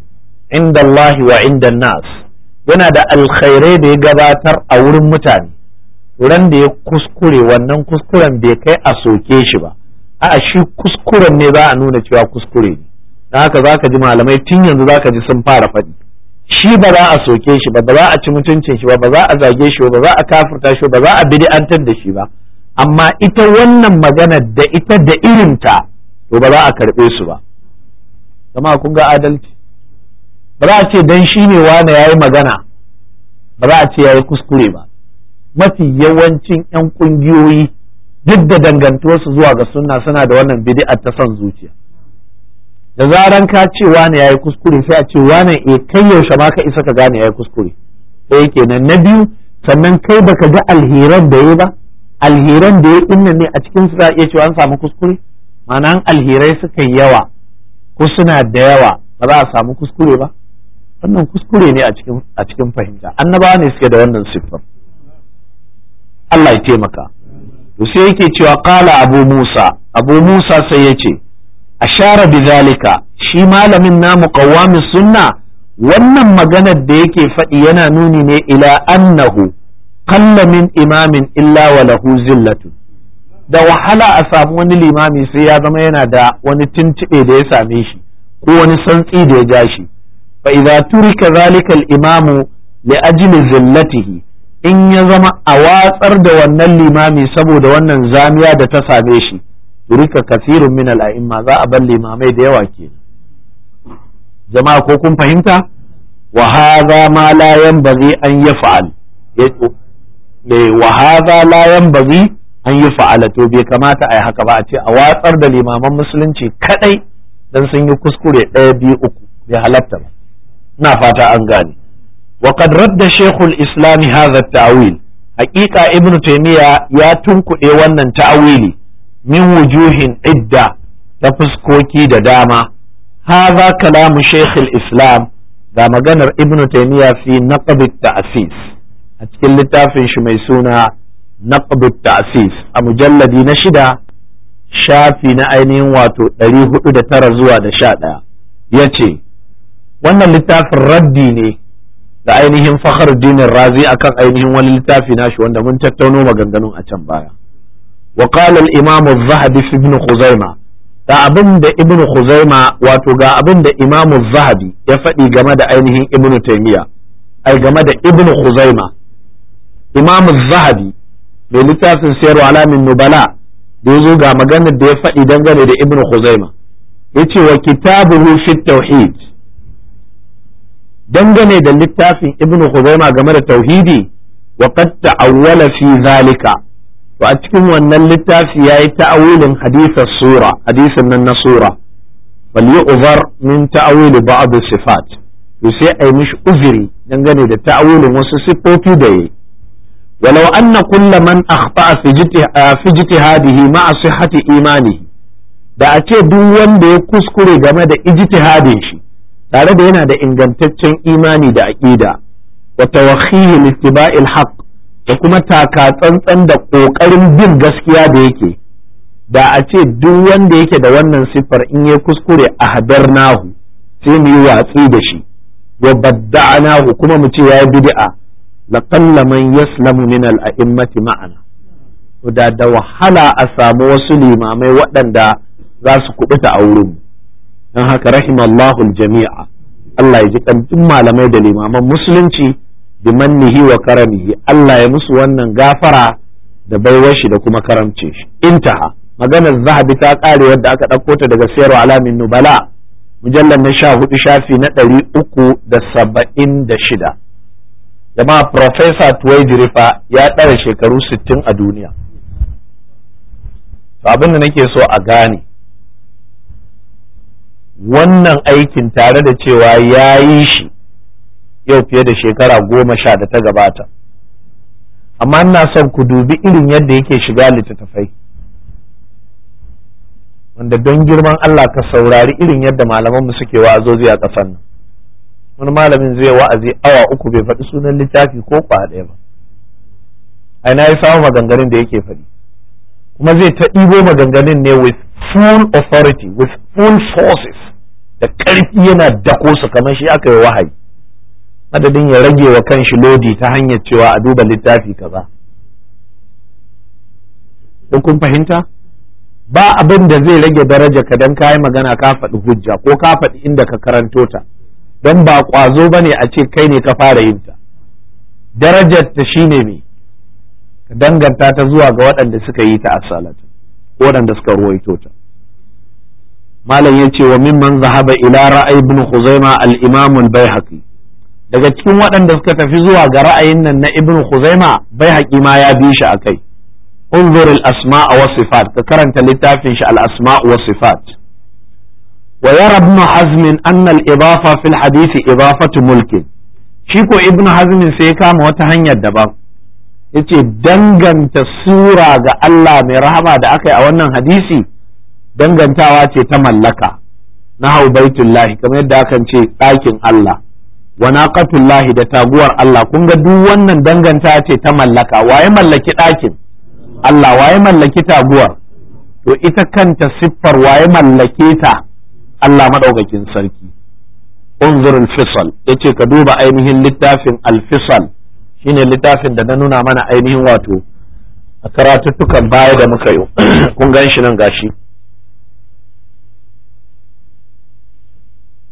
inda allahi wa inda nas yana da alkhairai da ya gabatar a wurin mutane ran da ya kuskure wannan kuskuren bai kai a soke shi ba a'a shi kuskuren ne za a nuna cewa kuskure ne da haka za ka ji malamai tun yanzu za ka ji sun fara faɗi shi ba za a soke shi ba ba za a ci mutuncin shi ba ba za a zage shi ba za a kafurta shi ba za a bid'antar da shi ba amma ita wannan magana da ita da irinta to ba za a karɓe su ba jama'a kun ga adalci ba za a ce dan shi ne wane ya yi magana ba za a ce ya yi kuskure ba mafi yawancin 'yan ƙungiyoyi duk da dangantuwarsu zuwa ga sunna suna da wannan bidi'a ta son zuciya da zaran ka ce wane yi kuskure sai a ce wane e kai yaushe ma ka isa ka gane ya yi kuskure sai kenan na biyu sannan kai baka ga alheran da yi ba alheran da ya inna ne a cikin su za iya cewa an samu kuskure ma'ana alherai suka yawa ko suna da yawa ba za a samu kuskure ba wannan kuskure ne a cikin fahimta annabawa ne suke da wannan siffar Allah ya taimaka to sai yake cewa qala abu musa abu musa sai yace ashara bizalika shi malamin namu qawwamis sunna wannan maganar da yake faɗi yana nuni ne ila annahu qalla min imamin illa wa lahu zillatu da wahala a samu wani limami sai ya zama yana da wani tuntube da ya same shi ko wani santsi da ya ja fa idza turika zalika al-imamu li ajli zillatihi in ya zama a watsar da wannan limami saboda wannan zamiya da ta same shi turika kasirun min al-a'imma za a bar limamai da yawa kenan jama'a ko kun fahimta wa hadha ma la yanbaghi an yaf'al wa hadha la yanbaghi an yi fa'ala to bai kamata a yi haka ba a ce a watsar da limaman musulunci kadai dan sun yi kuskure ɗaya biyu uku bai halatta ba na fata an gane wa qad radda shaykhul islam hadha at-ta'wil haqiqa ibnu taymiya ya tunkuɗe wannan ta'awili min wujuhin idda ta fuskoki da dama haza kalamu shaykhul islam ga maganar ibnu taymiya fi naqd at a cikin littafin shi mai suna naqd ta'asis. a mujalladi na shida shafi na ainihin wato ɗari da tara zuwa da ya ce. wannan littafin raddi ne da ainihin dinin razi akan ainihin wani littafi nashi wanda mun tattauno maganganun a can baya wa qala al imam az-zahabi fi ibn khuzaimah da abin da ibn khuzaima wato ga abin da imam az-zahabi ya faɗi game da ainihin ibn taymiya ai game da ibn khuzaima imam az-zahabi mai littafin sayar alamin nubala da yazo ga maganar da ya faɗi dangane da ibn khuzaima yace wa kitabuhu fi tauhid dangane da littafin ibn Khuzaima game da tauhidi wa qad ta'awwala fi zalika to a cikin wannan littafi yayi ta'awulin hadithas sura hadisin nan na sura bal yu'zar min ta'awil ba'd sifat to sai ai mishi uzuri dangane da ta'awulin wasu sifofi da yayi ولو أن كل من أخطأ في اجتهاده مع صحة إيمانه da a ce duk wanda ya kuskure game da ijtihadin shi tare da yana da ingantaccen imani da aƙida wa tawakhihi littiba'il haqq da kuma taka tsantsan da ƙoƙarin bin gaskiya da yake da a ce duk wanda yake da wannan siffar in ya kuskure a hadar nahu sai mu yi watsi da shi wa nahu kuma mu ce ya yi bid'a la qalla man yaslamu min al a'immati ma'ana da da wahala a samu wasu limamai waɗanda za su kubuta a wurin don haka rahimallahu aljami'a Allah ya ji kan duk malamai da limaman musulunci bi mannihi wa karamihi Allah ya musu wannan gafara da baiwashi da kuma karamce shi intaha maganar zahabi ta kare wadda aka ɗauko ta daga sayarwa alamin nubala mujallar na sha hudu shafi na ɗari uku da saba'in da shida jama'a profesa tuwai jirifa ya ɗara shekaru sittin a duniya abin da nake so a gane wannan aikin tare da cewa ya yi shi yau fiye da shekara goma sha da ta gabata amma ina son ku dubi irin yadda yake shiga littattafai wanda don girman Allah ka saurari irin yadda malamanmu suke wa'azozi a ƙasar nan wani malamin zai wa'azi awa uku bai faɗi sunan littafi ko kwa ɗaya ba a na yi samun maganganun da yake faɗi kuma zai ta ɗibo maganganun ne with full authority with full forces da ƙarfi yana dako su kamar shi aka yi wahayi madadin ya rage wa kanshi lodi ta hanyar cewa a duba littafi kaza Don kun fahimta ba abin da zai rage daraja ka dan kayi magana ka faɗi hujja ko ka faɗi inda ka karanto ta don ba ƙwazo ba ne a ce kai ne ka fara yin ta darajar ta shine me ka danganta ta zuwa ga waɗanda suka yi ta asalatu waɗanda suka ruwaito ta malam yace wa mimman zahaba ila ra'ay ibn khuzaimah al-imam al daga cikin waɗanda suka tafi zuwa ga ra'ayin nan na ibn khuzaimah bayhaqi ma ya bi shi akai unzur al-asma wa sifat ka karanta littafin shi al asmau wa sifat wa yara ibn hazm anna al-idafa fi al-hadith idafatu mulk shi ko ibn hazm sai ya kama wata hanyar daban yace danganta sura ga Allah mai rahama da aka yi a wannan hadisi dangantawa ce ta mallaka na hau baitullahi kamar yadda akan ce ɗakin Allah wa naqatullahi da taguwar Allah kun ga duk wannan danganta ce ta mallaka waye mallaki ɗakin Allah waye mallaki taguwar to ita kanta siffar waye mallake ta Allah maɗaukakin sarki unzur al-fisal yace ka duba ainihin littafin al-fisal shine littafin da na nuna mana ainihin wato a karatuttukan baya da muka yi kun gan shi nan gashi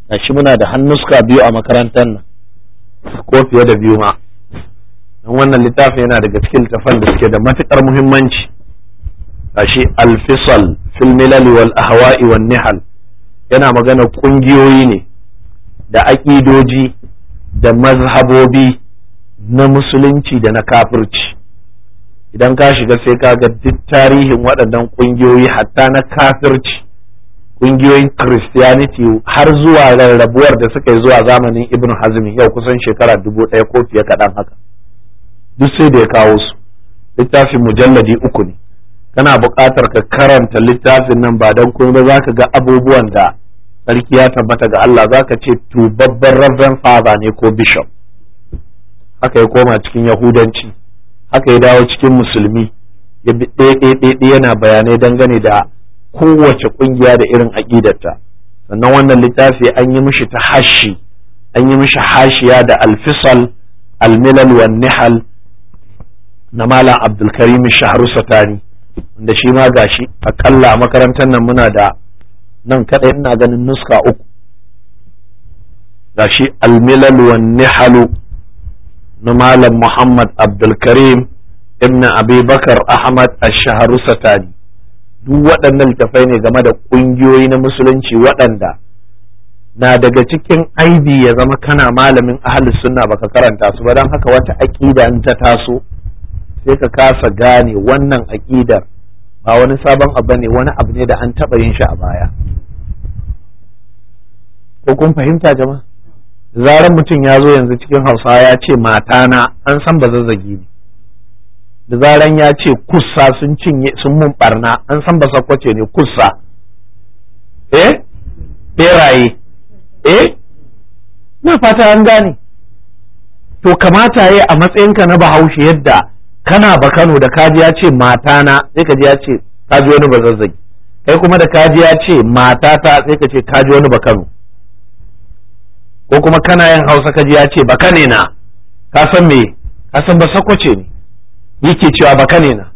Kashi muna da hannuska biyu a makarantar nan ko fiye da biyu ma don wannan littafin yana daga cikin littafan da suke da matuƙar muhimmanci a alfisal fil milal wal ahwa'i wan nihal yana magana ƙungiyoyi ne da aƙidoji da mazhabobi na musulunci da na kafirci idan ka shiga sai ka ga duk tarihin waɗannan ƙungiyoyi hatta na kafirci ƙungiyoyin christianity har zuwa rarrabuwar da suka yi zuwa zamanin ibn hazmi yau kusan shekara dubu ɗaya ko fiye kaɗan haka duk sai da ya kawo su littafin mujalladi uku ne kana buƙatar ka karanta littafin nan ba don kuma za ka ga abubuwan da sarki ya tabbata ga Allah za ka ce tubabban rabban father ne ko bishop haka ya koma cikin yahudanci haka ya dawo cikin musulmi ya bi ɗaya yana bayanai dangane da kowace kungiya da irin aƙidarta sannan wannan littafi an yi mishi ta hashi an yi mishi hashiya da alfisal almilal wan nihal na malam abdulkarim shahru satani wanda shi ma gashi akalla a makarantar nan muna da nan kadai ina ganin nuska uku gashi almilal wan Nihal na malam muhammad abdulkarim ibn abubakar ahmad ash-shahru satani duk waɗannan littafai ne game da ƙungiyoyi na musulunci waɗanda na daga cikin aibi ya zama kana malamin ahalus sunna baka karanta su ba don haka wata aƙida in ta taso sai ka kasa gane wannan aƙidar ba wani sabon abu ne wani abu ne da an taɓa yin shi a baya ko kun fahimta jama'a zaren mutum ya zo yanzu cikin hausa ya ce matana an san ba zazzagi ne da zaran ya ce kussa sun cinye sun mun barna an san ba sakwace ne kussa eh beraye eh na fata an gane to kamata yi a matsayinka na bahaushe yadda kana ba Kano da kaji ya ce matana sai kaji ya ce kaji wani ba zazzagi kai kuma da kaji ya ce matata sai ka ce kaji wani ba Kano ko kuma kana yin Hausa kaji ya ce ba ne na ka san me ka san ba sakwace ne yake cewa baka ne na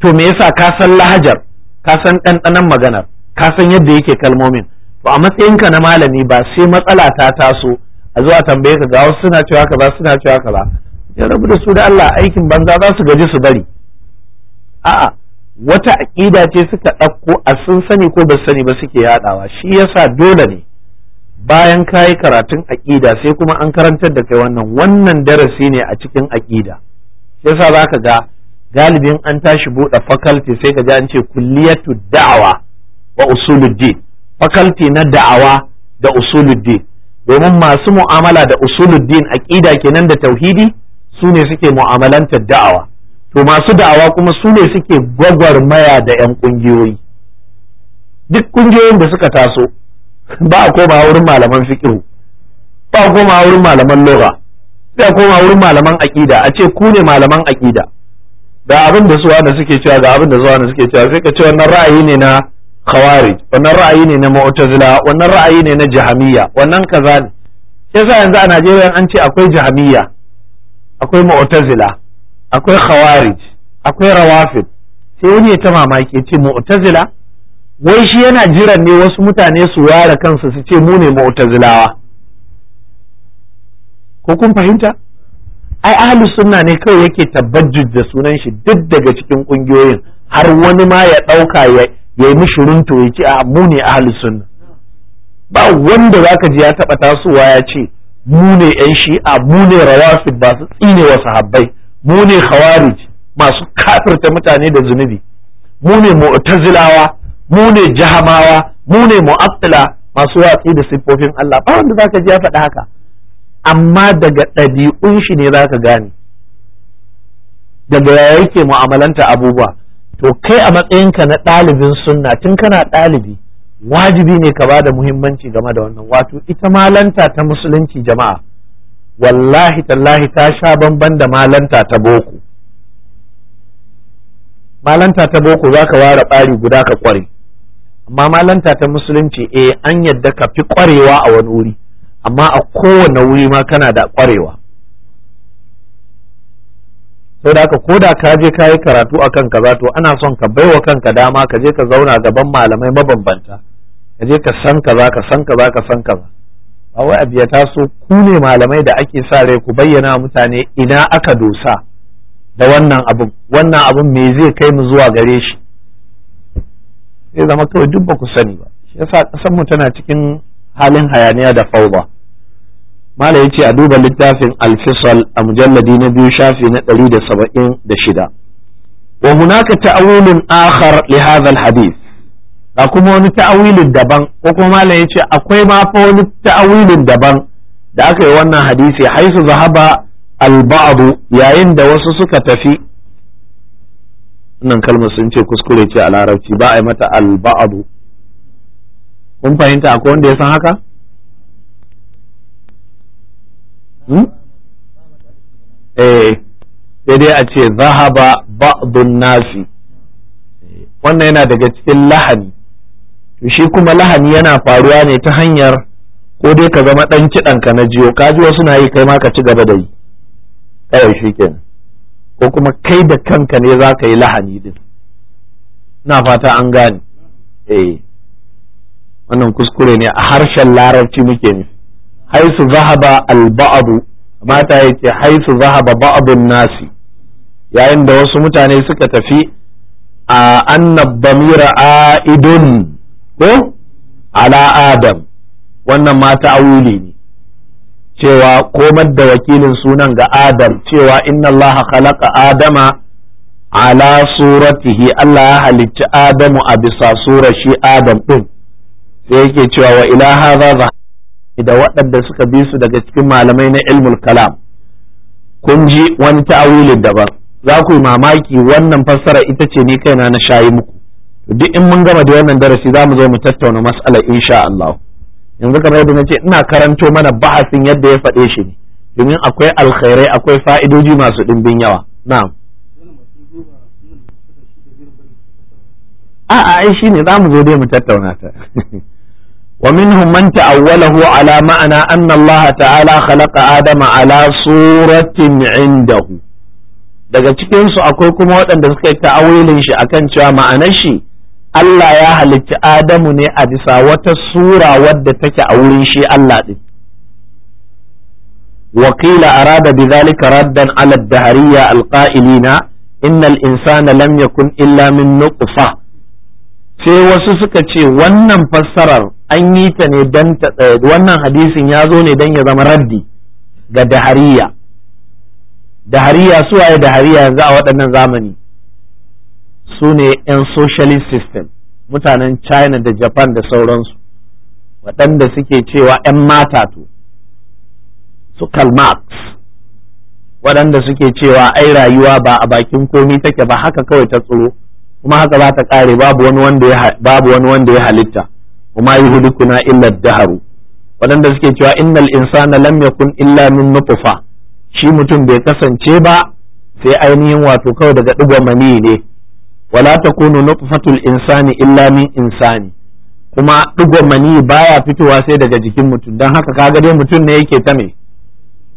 to me yasa ka san lahajar ka san ɗanɗanon maganar ka san yadda yake kalmomin to a matsayinka na malami ba sai matsala ta taso a zuwa tambaye ka ga wasu suna cewa ba suna cewa ba ya rabu da su da Allah aikin banza za su gaji su bari a'a wata aƙida ce suka ɗauko a sun sani ko ba sani ba suke yaɗawa shi yasa dole ne bayan kayi karatun aƙida sai kuma an karantar da kai wannan wannan darasi ne a cikin aƙida yasa za ka ga galibin an tashi buɗe fakalti sai ka ji an ce kulliyatu da'awa wa usuluddin faculty na da'awa da usuluddin domin masu mu'amala da usuluddin aƙida kenan da tauhidi su ne suke mu'amalantar da'awa to masu da'awa kuma su ne suke gwagwarmaya da 'yan ƙungiyoyi duk kungiyoyin da suka taso ba a koma wurin malaman fiƙihu ba a koma wurin malaman lura sai a koma wurin malaman aƙida a ce ku ne malaman aƙida ga abin da su da suke cewa ga abin da su da suke cewa sai ka ce wannan ra'ayi ne na khawarij wannan ra'ayi ne na mu'tazila wannan ra'ayi ne na jahamiyya wannan kaza ne yasa yanzu a Najeriya an ce akwai jahamiyya akwai mu'tazila akwai khawarij akwai rawafid sai wani ya ta mamaki ke ce mu'tazila wai shi yana jiran ne wasu mutane su ware kansu su ce mu ne mu'tazilawa ko kun fahimta ai ahlus sunna ne kawai yake tabbajjud da sunan shi duk daga cikin kungiyoyin har wani ma ya ɗauka ya yi mishirin to ya ce a mu ne ahlus sunna ba wanda ka ji ya taɓa tasowa ya ce mu ne yan a mu ne rawafid ba su tsine wa sahabbai mu ne khawarij masu kafirta mutane da zunubi mu ne mu'tazilawa mu ne jahamawa mu ne mu'attila masu watsi da siffofin Allah ba wanda zaka ji ya faɗi haka amma daga ɗabi'un shi ne za ka gane daga yaya yake mu'amalanta abubuwa to kai a matsayinka na ɗalibin sunna tun kana ɗalibi wajibi ne ka ba da muhimmanci game da wannan wato ita malanta ta musulunci jama'a wallahi tallahi ta sha bamban da malanta ta boko malanta ta boko za ka ware ɓari guda ka kware amma malanta ta musulunci eh an yadda ka fi ƙwarewa a wani wuri amma a kowane wuri ma kana da ƙwarewa sai da haka koda ka je ka yi karatu a kan kaza to ana son ka baiwa kanka dama ka je ka zauna gaban malamai mabambanta ka je ka san ka za ka san ka za ka san za ba wai abu ya taso ku ne malamai da ake sa rai ku bayyana mutane ina aka dosa da wannan abun wannan abun me zai kai mu zuwa gare shi sai zama kawai duk ba ku sani ba shi yasa ƙasar mu tana cikin halin hayaniya da fauda mala yace a duba littafin al a mujalladi na biyu shafi na 176 wa hunaka ta'awulun akhar li hadha al-hadith ga kuma wani ta'awilin daban ko kuma mala yace akwai ma fa wani ta'awilin daban da aka yi wannan hadisi haisu zahaba al-ba'd yayin da wasu suka tafi nan kalmar sun ce kuskure ce a larabci ba a yi mata al-ba'd kun fahimta akwai wanda ya san haka Hmm? eh sai dai a ce zahaba ba'dun nasi eh, wannan yana daga cikin lahani to shi kuma lahani yana faruwa ne ta hanyar ko dai ka zama ɗan kiɗan ka na jiyo ka ji wasu na yi kai ma ka ci gaba da yi kawai shi kenan ko kuma kai da kanka ne za ka yi lahani din na fata an gane eh wannan kuskure ne a harshen larabci muke nufi haisu zahaba al mata yace haisu zahaba ba'adun nasi yayin da wasu mutane suka tafi a annab damira aidun ko ala adam wannan ma ta'awuli ne cewa komar da wakilin sunan ga adam cewa inna allaha khalaqa adama ala suratihi Allah ya halicci Adamu a bisa surar shi Adam ɗin sai yake cewa wa ila za. da waɗanda suka bi su daga cikin malamai na ilmul kalam kun ji wani ta'awilin daban za ku yi mamaki wannan fassara ita ce ni kaina na shayi muku to duk in mun gama da wannan darasi za mu zo mu tattauna mas'alar insha Allah yanzu kamar yadda nace ina karanto mana ba'asin yadda ya faɗe shi ne domin akwai alkhairai akwai fa'idoji masu ɗimbin yawa na'am a'a ai shine za mu zo dai mu tattauna ta ومنهم من تأوله على معنى أن الله تعالى خلق آدم على صورة عنده daga cikinsu akwai kuma waɗanda suka yi ta'awilin shi akan cewa ma'anar shi Allah ya halicci Adamu ne a bisa wata sura wadda take a wurin shi Allah ɗin wakila arada bi zalika raddan ala dahariya alqa'ilina innal insana lam yakun illa min nuqfa sai wasu suka ce wannan fassarar an yi ta ne dan eh, wannan hadisin ya zo ne don ya zama raddi ga dahariya dahariya waye dahariya yanzu a waɗannan zamani su ne 'yan socialist system mutanen china da japan da sauransu waɗanda suke cewa 'yan mata to su Marx waɗanda suke cewa ai rayuwa ba a bakin komi take ba haka kawai ta tsoro kuma haka za ta ƙare babu wani wanda ya halitta kuma yuhlikuna illa ad-dahr waɗanda suke cewa innal insana lam yakun illa min nutfa shi mutum bai kasance ba sai ainihin wato kawai daga ɗigo maniyi ne wala takunu nutfatul insani illa min insani kuma ɗigo mani baya fitowa sai daga jikin mutum don haka kaga dai mutum ne yake ta mai.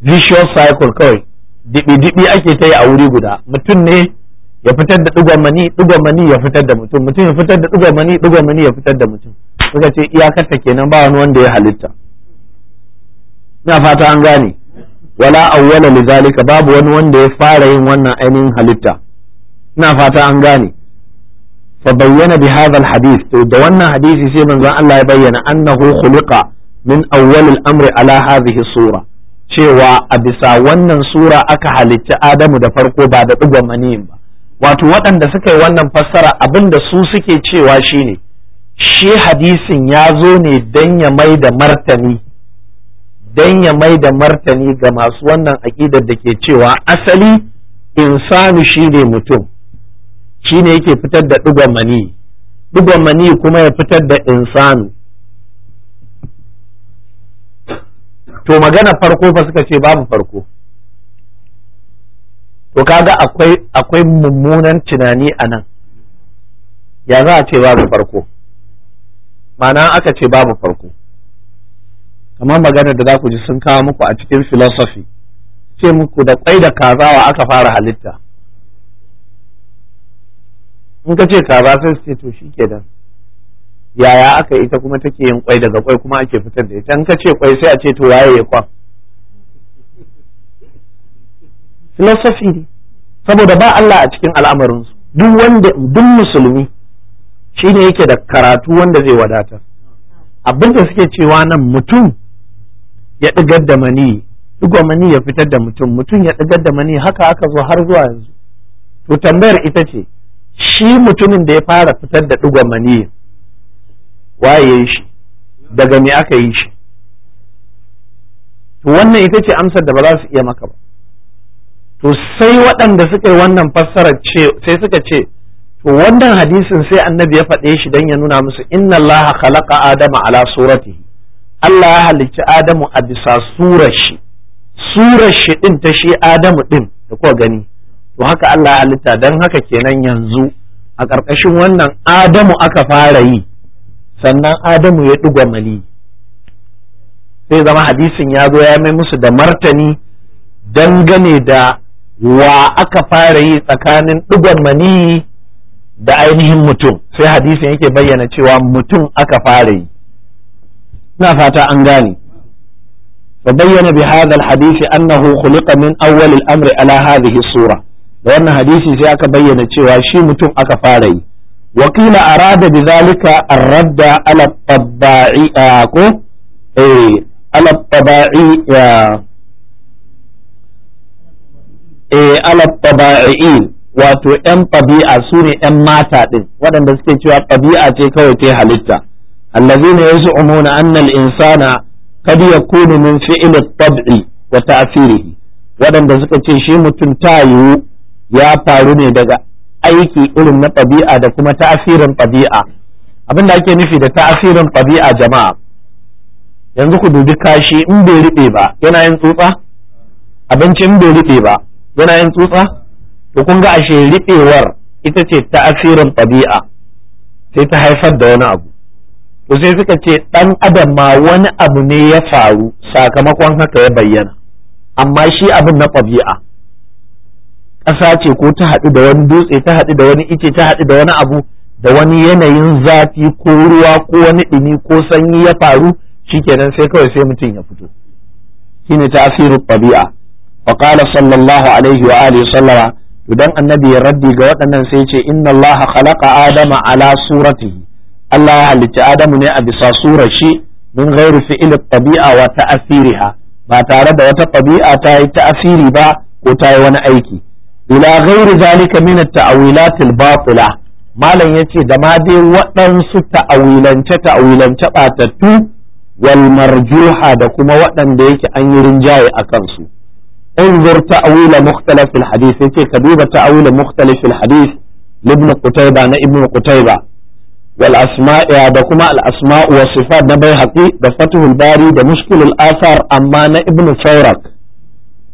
vicious cycle kawai dibi dibi ake ta yi a wuri guda mutum ne ya fitar da digon mani ya fitar da mutum mutum ya fitar da digon mani ya fitar da mutum suka ce iyakar ta kenan ba wani wanda ya halitta ina fata an gane wala awwala lidhalika babu wani wanda ya fara yin wannan ainihin halitta ina fata an gane fa bayyana bi hadha al hadith to da wannan hadisi sai manzon Allah ya bayyana annahu khuliqa min awwal al amri ala hadhihi sura cewa a bisa wannan sura aka halicci Adamu da farko ba da digon ba wato waɗanda suka yi wannan fassara abin da su suke cewa shine shi hadisin ya zo ne don ya mai da martani don ya mai da martani ga masu wannan aƙidar da ke cewa asali insanu shi ne mutum Shi ne yake fitar da ɗigon mani ɗigon mani kuma ya fitar da insanu to magana farko fa suka ce babu farko to kaga akwai akwai mummunan tunani a nan ya za a ce babu farko ma'ana aka ce babu farko kamar maganar da za ku ji sun kawo muku a cikin philosophy ce muku da kwai da kazawa aka fara halitta in ka ce kaza sai su ce to shi nan. yaya aka ita kuma take yin kwai daga kwai kuma ake fitar da ita in ka ce kwai sai a ce to waye ya kwan Filosofi ne saboda ba Allah a cikin al'amarinsu duk wanda duk musulmi shine yake da karatu wanda zai wadatar abin da suke cewa nan mutum ya ɗigar da mani ɗigo mani ya fitar da mutum mutum ya ɗigar da mani haka aka zo har zuwa yanzu to tambayar ita ce shi mutumin da ya fara fitar da ɗigo mani waye ya shi daga me aka yi shi to wannan ita ce amsar da ba za su iya maka ba to sai waɗanda suka yi wannan fassara ce sai suka ce to wannan hadisin sai annabi ya faɗe shi dan ya nuna musu inna Allah khalaqa adama ala suratihi Allah ya halicci adamu a bisa surar shi surar shi din ta shi adamu din da kuka gani to haka Allah ya halitta dan haka kenan yanzu a ƙarƙashin wannan adamu aka fara yi sannan adamu ya ɗuga mali sai zama hadisin ya zo ya mai musu da martani dangane da wa aka fara yi tsakanin ɗigon mani da ainihin mutum sai hadisin yake bayyana cewa mutum aka fara yi ina fata an gane fa bayyana bi hadha al hadisi annahu khuliqa min awwal al amri ala hadhihi sura da wannan hadisi sai aka bayyana cewa shi mutum aka fara yi wa qila arada bi zalika ar-radda ala tabai'a ah, ko eh ala tabai'a ah, eh wato yan tabi'a su ne yan mata ɗin, waɗanda suke cewa tabi'a ce kawai ta halitta allazina yas'umuna anna al-insana kad yakunu min fi'l at-tab'i wa ta'sirihi waɗanda suka ce shi mutum ta yiwu ya faru ne daga aiki irin na ɗabi'a da kuma ta'asirin ɗabi'a abin da ake nufi da tasirin ɗabi'a jama'a yanzu ku dubi kashi in bai riɓe ba yana yin tsutsa abinci bai riɓe ba yana yin tsutsa to kun ga ashe riɓewar ita ce ta'asirin ɗabi'a sai ta haifar da wani abu to sai suka ce ɗan adam ma wani abu ne ya faru sakamakon haka ya bayyana amma shi abin na ɗabi'a ƙasa ce ko ta haɗu da wani dutse ta haɗu da wani ice ta haɗu da wani abu da wani yanayin zafi ko ruwa ko wani ɗumi ko sanyi ya faru shikenan sai kawai sai mutum ya fito shine ta'asirin ɗabi'a wa qala sallallahu alaihi wa sallama annabi ya raddi ga waɗannan sai ce inna allaha khalaqa adama ala suratihi Allah ya halicci adamu ne a bisa surar shi min ghairi fi'il tabi'a wa ta'asiriha ba tare da wata tabi'a ta yi ta'asiri ba ko ta yi wani aiki ila ghairi zalika min at batila malam yace da ma dai waɗansu ta'awilance ta'awilance batattu wal marjuha da kuma waɗanda yake an yi rinjaye a kansu انظر تأويل مختلف الحديث يتي كدوب تأويل مختلف الحديث لابن قتيبة نا ابن قتيبة والأسماء دا الأسماء والصفات نبي حقي دفته الباري بمشكل الآثار أما نا ابن فورك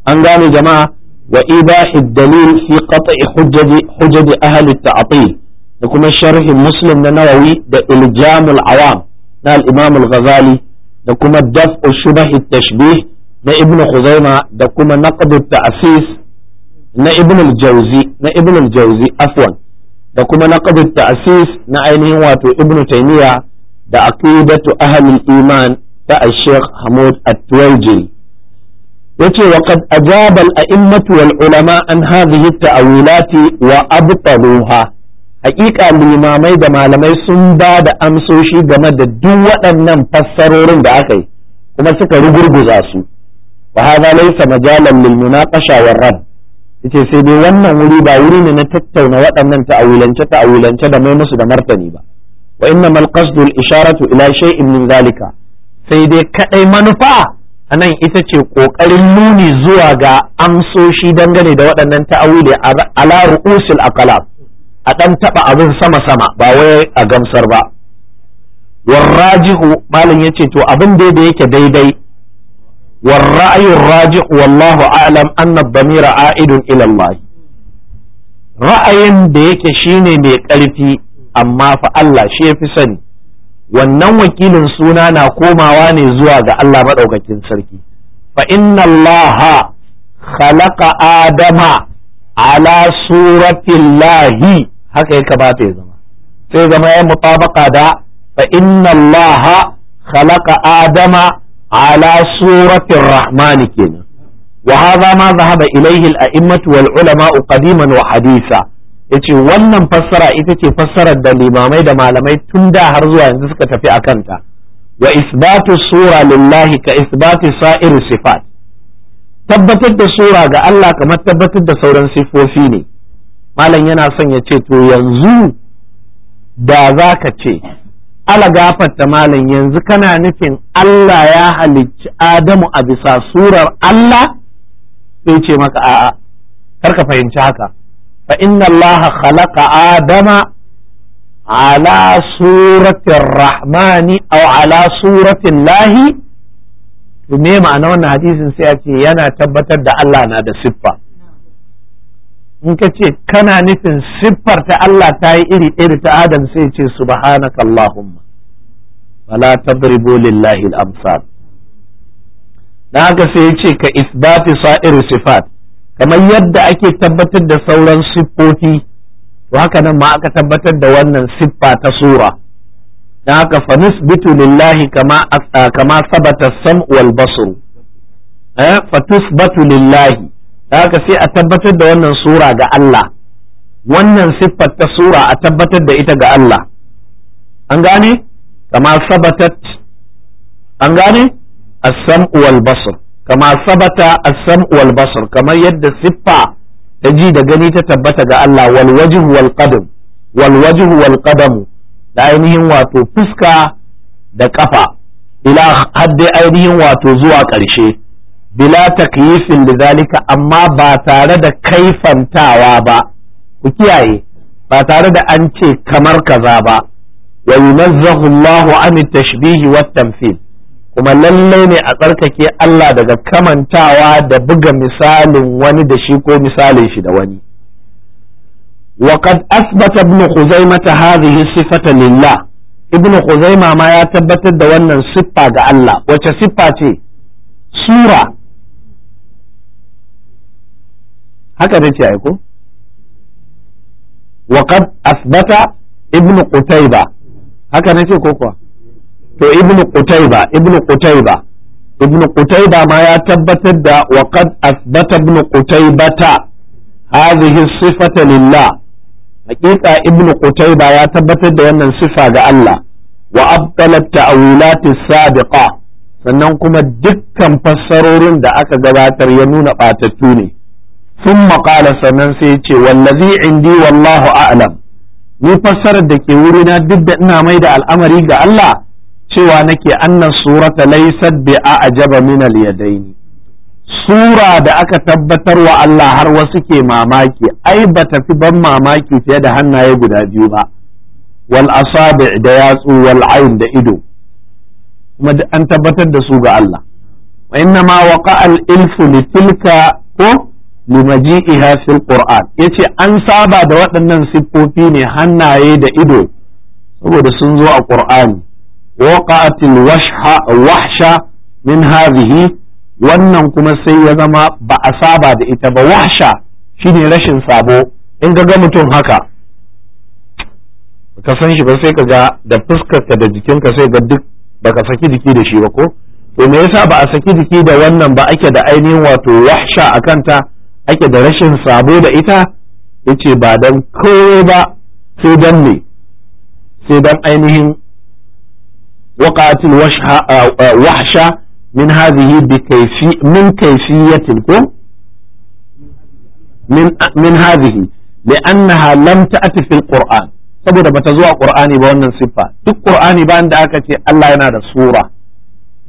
أنقاني جماعة وإباح الدليل في قطع حجج حجج أهل التعطيل da الشرح المسلم النووي na العوام da iljamul awam na al-imam al na ibn Khuzaima da kuma naqdu ta'sis na ibn al-jawzi na ibn al-jawzi afwan da kuma naqdu ta'sis na ainihin wato ibn taymiya da aqidatu ahli iman ta al-sheikh Hamud at-Tuwaijiri yace wa qad ajaba al-a'immatu wal ulama an hadhihi at-ta'awilati wa abtaluha hakika limamai da malamai sun ba da amsoshi game da duk waɗannan fassarorin da aka yi kuma suka rugurguza su wa hadha laysa majalan lil munaqasha yace sai dai wannan wuri ba wuri ne na tattauna waɗannan ta'awilance ta'awilance da mai musu da martani ba wa innama al-qasdu al-isharatu ila shay'in min zalika sai dai kadai manufa anan ita ce kokarin nuni zuwa ga amsoshi dangane da waɗannan ta'awili ala ru'usil aqlab a dan taba abin sama sama ba wai a gamsar ba warrajihu malam yace to abin da yake daidai والرأي الراجع والله أعلم أن الضمير عائد إلى الله رأي ديك شيني ميك ألفي أما فألا شيء في سن wannan wakilin suna na komawa ne zuwa ga Allah maɗaukakin sarki fa inna Allah khalaqa adama ala suratillahi haka ya kamata ya zama sai zama ya mutabaka da fa inna Allah khalaqa adama ala suratin rahmani kenan wa hadha ma zahaba ilayhi aimmatu wal ulama'u wa hadisa yace wannan fassara ita ce fassarar da limamai da malamai tun da har zuwa yanzu suka tafi a kanta wa isbatu sura lillahi ka isbati sa'ir sifat tabbatar da sura ga Allah kamar tabbatar da sauran sifofi ne malam yana son ya ce to yanzu da za ka ce ala gafarta malam yanzu kana nufin Allah ya halicci Adamu a bisa surar Allah sai ce maka a'a karka fahimci haka fa inna Allah khalaqa Adama ala suratin rahmani aw ala suratin lahi to me ma'ana wannan hadisin sai a ce yana tabbatar da Allah na da siffa in ka ce kana nufin siffar ta Allah ta yi iri iri ta Adam sai ce subhanaka Allahumma fala tadribu lillahi al-amsal dan haka sai ya ce ka isbati sa'ir sifat kamar yadda ake tabbatar da sauran siffofi to haka nan ma aka tabbatar da wannan siffa ta sura dan haka fa nisbitu lillahi kama kama sabata sam wal basr eh fa tusbatu lillahi da haka sai a tabbatar da wannan sura ga Allah wannan siffar ta sura a tabbatar da ita ga Allah an gane kama sabatat an gane as-sam'u wal basr kama sabata as-sam'u wal basr kamar yadda siffa ta ji da gani ta tabbata ga Allah wal wajhu wal qadam wal wajhu wal da ainihin wato fuska da kafa ila haddi ainihin wato zuwa ƙarshe bila takyifin zalika amma ba tare da kaifantawa ba ku kiyaye ba tare da an ce kamar kaza ba wa yunazzahu Allahu an tashbihi wa tamthil kuma lallai ne a tsarkake Allah daga kamantawa da buga misalin wani da shi ko misalin shi da wani وقد أثبت ابن خزيمة هذه الصفة لله ابن خزيمة ما يتبت دوانا سبا الله وش سبا سورة haka zai ce aiko wa qad asbata ibnu qutayba haka na ce ko kuwa to ibnu qutayba ibnu qutayba ibnu qutayba ma ya tabbatar da wa qad asbata ibnu qutaybata hadhihi sifata lillah hakika ibnu qutayba ya tabbatar da wannan sifa ga Allah wa abdala ta'wilat as-sabiqa sannan kuma dukkan fassarorin da aka gabatar ya nuna ɓatattu ne sun maƙala sannan sai ce wallazi indi wallahu a'lam ni fassarar da ke wurina duk da ina mai da al'amari ga Allah cewa nake annan surata laysat bi a'jaba min al-yadaini sura da aka tabbatar wa Allah har wasu ke mamaki ai ba tafi ban mamaki fiye da hannaye guda biyu ba wal asabi da yatsu wal ayn da ido kuma an tabbatar da su ga Allah wa inna ma waqa al ilfu li tilka ko limaji'iha fil qur'an yace an saba da waɗannan siffofi ne hannaye da ido saboda sun zo a qur'an waqa'atil washha wahsha min hadhihi wannan kuma sai ya zama ba a saba da ita ba wahsha shine rashin sabo in ga ga mutum haka ka san shi ba sai ka ga da fuskarka da jikinka sai ga duk baka saki jiki da shi ba ko to me yasa ba a saki jiki da wannan ba ake da ainihin wato wahsha a kanta ake da rashin sabo da ita yace ba dan kowa ba sai dan ne sai dan ainihin waqatil wahsha min hadhihi bi kayfi min kayfiyatin ko min min hadhihi li'annaha lam ta'ti fil qur'an saboda bata zuwa qur'ani ba wannan siffa duk qur'ani ba inda aka ce Allah yana da sura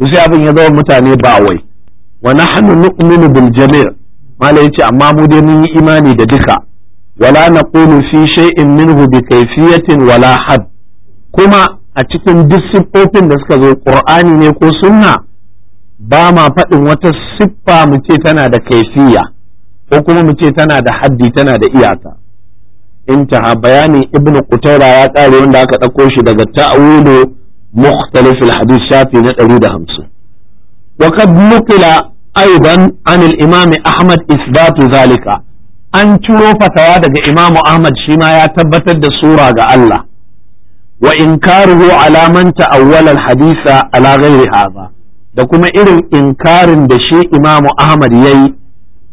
to sai abin ya zama mutane ba wai wa nahnu nu'minu bil jami' mala yace amma mu dai mun yi imani da duka wala naqulu fi shay'in minhu bi kayfiyatin wala had kuma a cikin duk siffofin da suka zo qur'ani ne ko sunna ba ma faɗin wata siffa mu ce tana da kaifiya ko kuma mu ce tana da haddi tana da iyaka intaha bayanin ibnu qutaira ya kare wanda aka ɗauko shi daga ta'awilu mukhtalif al-hadith shafi na 150 wa qad nuqila aidan an al-imam ahmad isbatu zalika an ciro fatawa daga imam ahmad shima ya tabbatar da sura ga Allah wa inkaruhu ala man ta'awwala al-haditha da kuma irin inkarin da shi imam ahmad yayi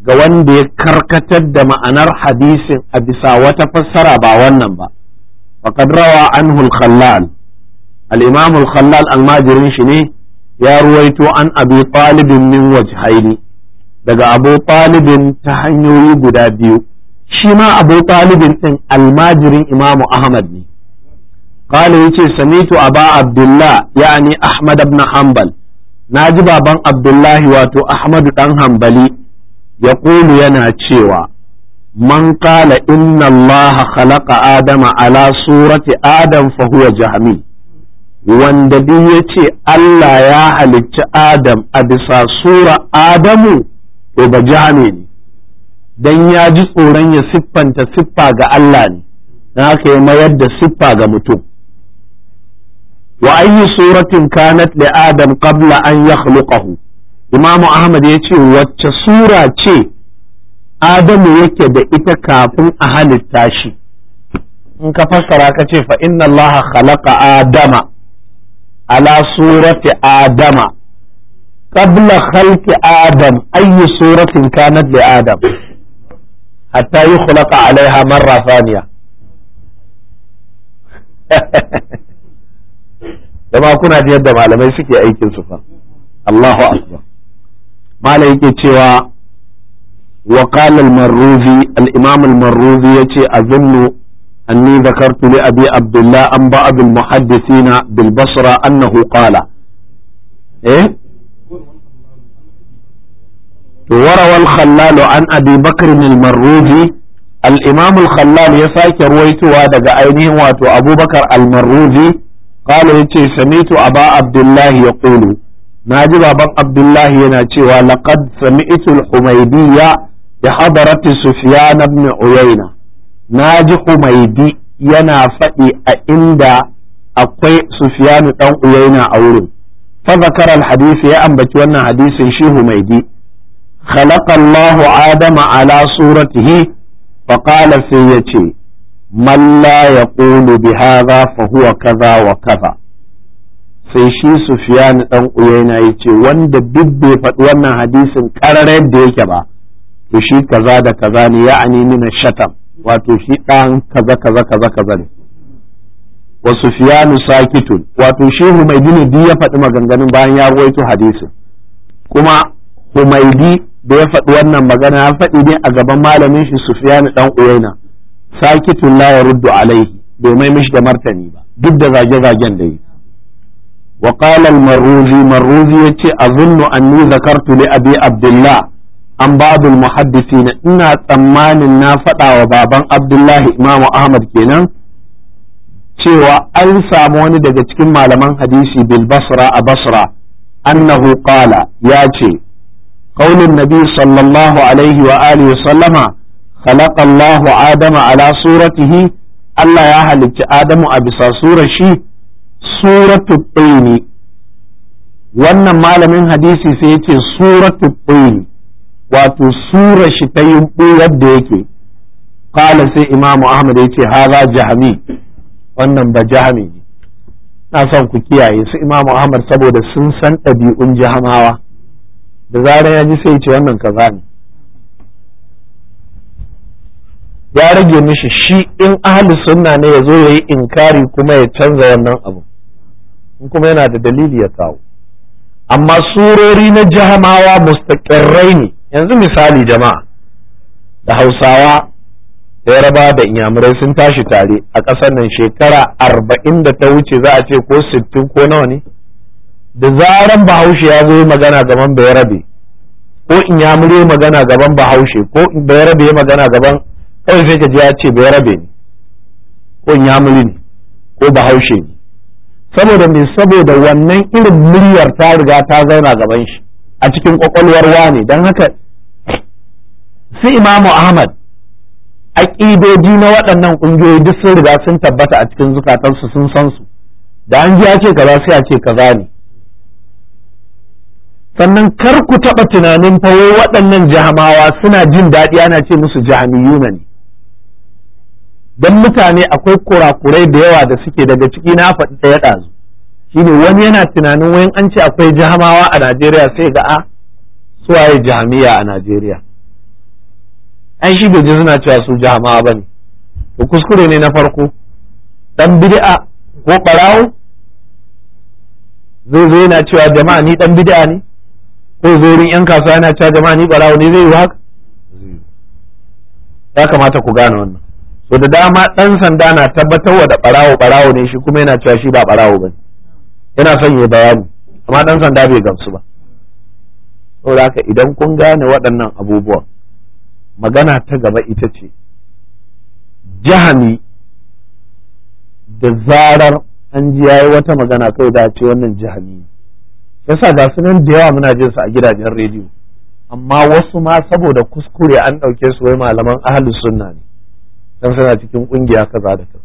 ga wanda ya karkatar da ma'anar hadisin a bisa wata fassara ba wannan ba faqad rawa anhu al-khallal al-imam al shi ne ya ruwaito an abu talibin min waje daga abu talibin ta hanyoyi guda biyu shi ma abu talibin ɗin almajirin imamu ahmad ne kala ya ce sami to a ba abdullah ya ne ahmad abu hambal na ji baban abdullahi wato ahmadu ɗan hambali ya kulu yana cewa man kala inna allaha halaka adama ala surati adam fahuwa jahamil wanda duk ya ce Allah ya halicci Adam a bisa sura Adamu to ba jami ne dan ya ji tsoron ya siffanta siffa ga Allah ne na haka ya mayar da siffa ga mutum wa ayyu suratin kanat li adam qabla an yakhluqahu imamu ahmad ya ce wacce sura ce adamu yake da ita kafin a halitta shi in ka fassara ka ce fa inna allaha khalaqa adama على صورة آدم قبل خلق آدم أي صورة كانت لآدم حتى يخلق عليها مرة ثانية لما كنا جيدا ما لم يسك يا أيك الله أكبر ما لك سوى وقال المروذي الإمام المروذي يتي أظن أني ذكرت لأبي عبد الله عن بعض المحدثين بالبصرة أنه قال إيه وروى الخلال عن أبي بكر المروجي الإمام الخلال يساك رويت وادق عينه واتو أبو بكر المروجي قال يتي سميت أبا عبد الله يقول ناجب أبا عبد الله يناتي ولقد سمعت الحميدية بحضرة سفيان بن عيينة na ji humaidi yana faɗi a inda akwai sufiyanu ɗan uyaina a wurin fa zakara hadisi ya ambaci wannan hadisin shi humaidi khalaqa Allahu Adama ala suratihi hi qala sai yace man ya yaqulu bi hadha fa huwa kaza wa kaza sai shi Sufyan dan Uyaina yace wanda duk bai faɗi wannan hadisin ƙararar da yake ba to shi kaza da kaza ne ya'ani min shatam wato shi ɗan kaza kaza kaza kaza ne wa sufyanu sakitun wato shi humaidi ne ya faɗi maganganun bayan ya waito hadisin kuma humaidi da ya faɗi wannan magana ya faɗi ne a gaban malamin shi sufyanu dan uwaina sakitun la yaruddu alaihi bai mishi da martani ba duk da zage-zagen da yi wa qala al-marruzi marruzi yace azunnu anni zakartu li abi abdullah an babu muhaddisi muhaddisina ina tsammanin na faɗa wa baban abdullahi imamu ahmad kenan cewa an samu wani daga cikin malaman hadisi bil basra a basra annahu qala ya ce qaulin nabi sallallahu alaihi wa alihi wa sallama khalaqa Allahu adama ala suratihi Allah ya halicci adamu a bisa surar shi suratu wannan malamin hadisi sai ya ce suratu wato sura shi ta yi ɓurar da yake kala sai imamu ahmad ya ce haza jahami wannan ba jahami ne na son ku kiyaye su imamu ahmad saboda sun san ɗabi'un jahamawa da zarar ya ji sai ce wannan kaza ne ya rage mishi shi in ahli sunna ne ya zo ya yi inkari kuma ya canza wannan abu in kuma yana da dalili ya kawo amma surori na jahamawa mustaƙirrai ne yanzu misali jama'a da hausawa da yaraba da inyamurai sun tashi tare a ƙasar nan shekara arba'in da ta wuce za a ce ko sittin ko nawa ne da zaran bahaushe ya zo magana gaban bayarabe ko ya magana gaban bahaushe ko bayarabe ya magana gaban kawai sai ka ji ya ce bayarabe ne ko inyamuri ne ko bahaushe ne saboda me saboda wannan irin muryar ta riga ta zauna gaban shi a cikin kwakwalwar wane don haka su imamu ahmad aƙidoji na waɗannan ƙungiyoyi duk sun riga sun tabbata a cikin zukatansu sun san su da an ji ya ce kaza sai a ce kaza ne sannan kar ku taɓa tunanin fawo waɗannan jahamawa suna jin daɗi ana ce musu jahamiyuna ne don mutane akwai kurakurai da yawa da suke daga ciki na faɗi ɗaya ɗazu shine wani yana tunanin wayan an ce akwai jahamawa a najeriya sai ga a ah, suwaye jami'a a najeriya an shi bai suna cewa su jama'a ba ne to kuskure ne na farko dan bid'a ko barawo zai zo yana cewa jama'a ni dan bid'a ne ko zorin yan kasuwa yana cewa jama'a ni barawo ne zai yi haka ya kamata ku gane wannan so da dama dan sanda na wa da barawo barawo ne shi kuma yana cewa shi ba barawo ba yana son ya bayani amma dan sanda bai gamsu ba saboda haka idan kun gane waɗannan abubuwan magana ta gaba ita ce jahami da zarar an ji yayi wata magana kai da ce wannan jahami yasa ga su nan da yawa muna jin su a gidajen rediyo amma wasu ma saboda kuskure an ɗauke su wai malaman ahli sunna ne dan suna cikin ƙungiya kaza da kaza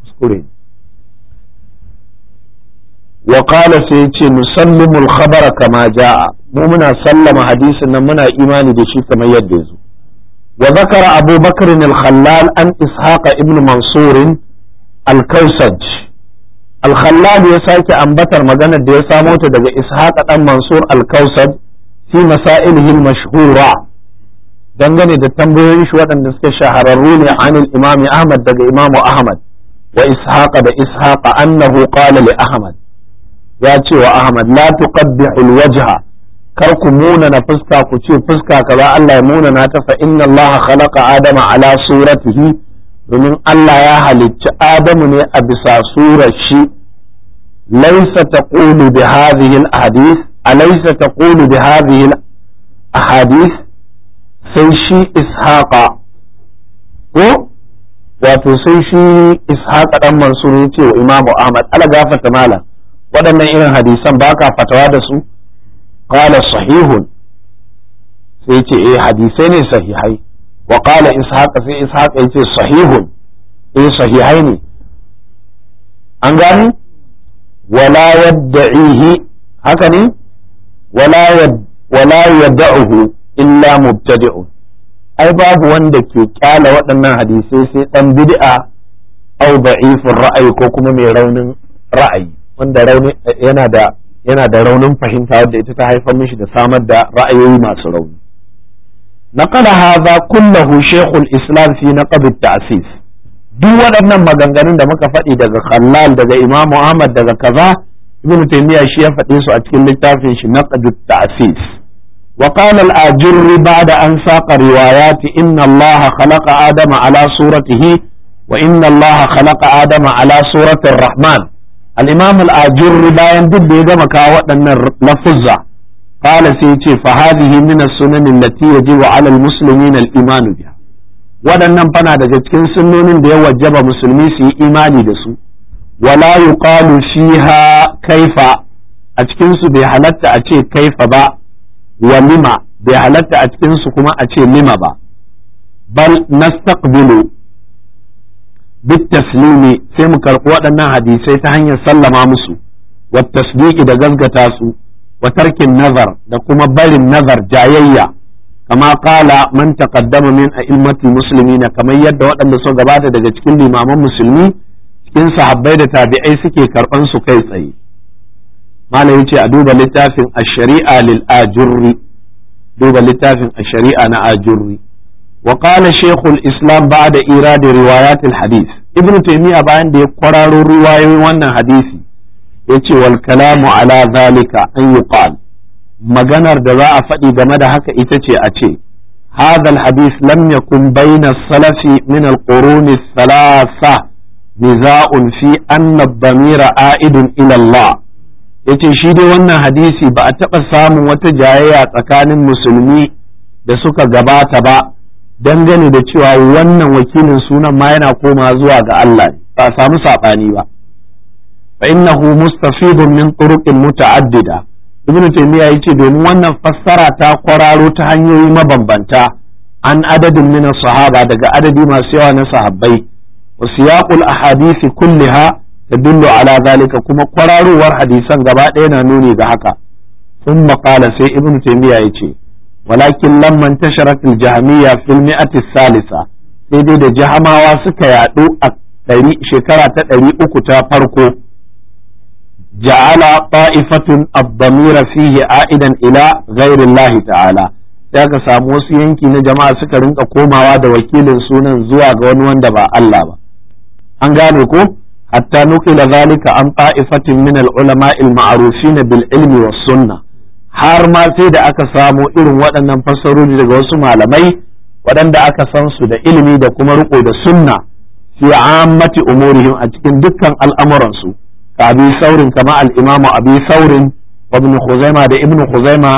kuskure ne wa qala sai yace nusallimul khabara kama jaa mu muna sallama hadisin nan muna imani da shi kamar yadda yanzu wa zakara Abu Bakr al-Khallal an ishaqa ibn Mansur al-Kausaj al-Khallal ya sake ambatar maganar da ya samo ta daga ishaqa dan Mansur al-Kausaj fi masailihi al-mashhura dangane da tambayoyin shi waɗanda suka shahararru ne an imami Ahmad daga Imam Ahmad wa ishaqa da Ishaq annahu qala li Ahmad ya ce wa Ahmad la tuqabbihu al-wajha kar ku munana fuska ku ce fuska kaza Allah ya munana ta fa inna Allah khalaqa adama ala suratihi domin Allah ya halicci Adamu ne a bisa surar shi laisa taqulu bi hadhihi alaysa taqulu bi hadhihi al sai shi ishaqa ko wato sai shi ishaqa dan mansur ya ce wa imam ahmad ala gafata malam waɗannan irin hadisan baka fatawa da su qala sahihun sai ce eh hadisai sahihai wa qala ishaq sai ishaq yace sahihun eh sahihai ne an gani wala yad'ihi haka ne wala yad wala illa mubtadi'un ai babu wanda ke kyala waɗannan hadisai sai dan bid'a au da'ifur ra'ayi ko kuma mai raunin ra'ayi wanda yana da yana da raunin fahimta wadda ita ta haifar mishi da samar da ra'ayoyi masu rauni نقل هذا shekul islam fi na نقد ta'asis duk waɗannan maganganun da muka faɗi daga Khallal daga Imam Ahmad daga kaza Ibn Taymiyyah shi ya faɗe su a cikin littafin shi na at ta'asis wa qala al-Ajurri ba'da an saqa riwayat inna Allah khalaqa Adama ala suratihi wa inna Allah khalaqa Adama ala surati rahman al-imam al bayan duk da ya gama kawo waɗannan lafuzza qala sai yace fa hadhihi min as-sunan allati yajibu 'ala al-muslimin al-iman biha waɗannan fana daga cikin sunnonin da ya wajaba musulmi su yi imani da su wala yuqalu fiha kaifa a cikin su bai halatta a ce kaifa ba wa lima bai halarta a cikinsu kuma a ce lima ba bal nastaqbilu bit sai mu karɓi waɗannan hadisai ta hanyar sallama musu wa tasdiqi da gazgata su wa tarkin nazar da kuma barin nazar jayayya kama kala man taqaddama min musulmi muslimina kamar yadda waɗanda suka gabata daga cikin limaman musulmi cikin sahabbai da tabi'ai suke karɓan su kai tsaye malam yace a duba littafin ash-shari'a lil ajurri duba littafin ash-shari'a na ajurri وقال شيخ الإسلام بعد إيراد روايات الحديث ابن تيمية بعد قرار رواية وانا حديثي يتي والكلام على ذلك أن يقال maganar da za a faɗi game da haka ita ce a ce هذا الحديث لم يكن بين السلف من القرون الثلاثة نزاع في أن الضمير عائد إلى الله yace shi dai wannan hadisi ba a taɓa samun wata jayayya tsakanin musulmi da suka gabata ba dangane da cewa wannan wakilin sunan ma yana koma zuwa ga Allah ba a samu saɓani ba fa innahu mustafidun min turuqin muta'addida ibn taymiya yace domin wannan fassara ta kwararo ta hanyoyi mabambanta an adadin min sahaba daga adadi masu yawa na sahabbai wa siyaqul ahadisi kulliha tadullu ala zalika kuma kwararowar hadisan gaba ɗaya na nuni ga haka sun qala sai ibn taymiya yace walakin lamman tasharat al-jahmiya fil mi'ati salisa sai dai da jahamawa suka yaɗu a shekara ta ɗari uku ta farko ja'ala ta'ifatun abdamira a idan ila ghairillahi ta'ala sai samu wasu yanki na jama'a suka rinka komawa da wakilin sunan zuwa ga wani wanda ba Allah ba an gane ko hatta nukila zalika an ta'ifatin min al-ulama al-ma'rufin bil ilmi was sunnah har ma sai da aka samo irin waɗannan fassarori daga wasu malamai waɗanda aka san su da ilimi da kuma riko da sunna fi ammati umurihim a cikin dukkan al'amuransu ka abi saurin kama al-imam abi saurin wa ibn khuzaima da ibn khuzaima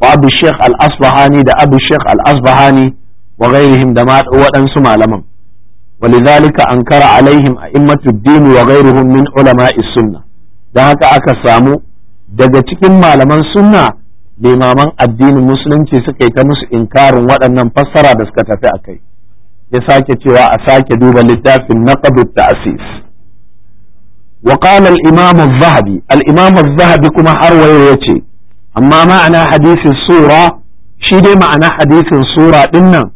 wa abu sheikh al-asbahani da abu sheikh al-asbahani wa ghairihim da waɗansu malaman ولذلك أنكر عليهم أئمة الدين وغيرهم من sunna da haka aka samu. daga cikin malaman sunna limaman addinin musulunci suka yi ta musu inkarin waɗannan fassara da suka tafi a kai ya sake cewa a sake duba littafin naqdu ta'sis wa qala zahabi al zahabi kuma har waye ce amma ma'ana hadisin sura shi dai ma'ana hadisin sura ɗinnan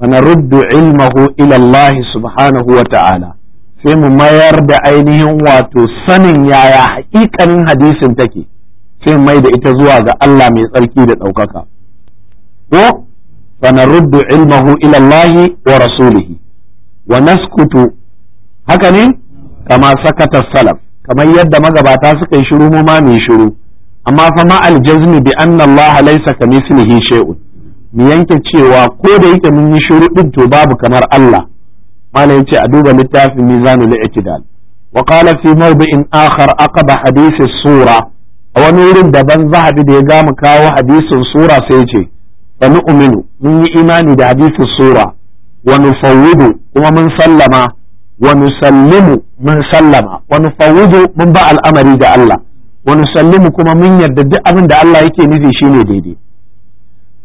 nan wa ruddu ilmahu ila subhanahu wa ta'ala sai mu mayar da ainihin wato sanin yaya hakikanin hadisin take sai mai da ita zuwa ga Allah mai tsarki da ɗaukaka ko sanaruddu ilmahu ila wa rasulihi wa naskutu haka ne kama sakata salaf kamar yadda magabata suka yi shiru mu ma mai shiru amma fa ma aljazmi bi anna Allah laysa mislihi shay'un mu yanke cewa ko da yake mun yi shiru din to babu kamar Allah malam yace a duba littafin mizanul i'tidal wa qala fi mawdi'in akhar aqaba hadith sura a wani wurin daban zahabi da ya gama kawo hadisin sura sai ce fa nu'minu mun yi imani da hadisin sura wa nufawwidu kuma mun sallama wa nusallimu mun sallama wa nufawwidu mun ba al'amari da Allah wa nusallimu kuma mun yarda duk abin da Allah yake nufi shine daidai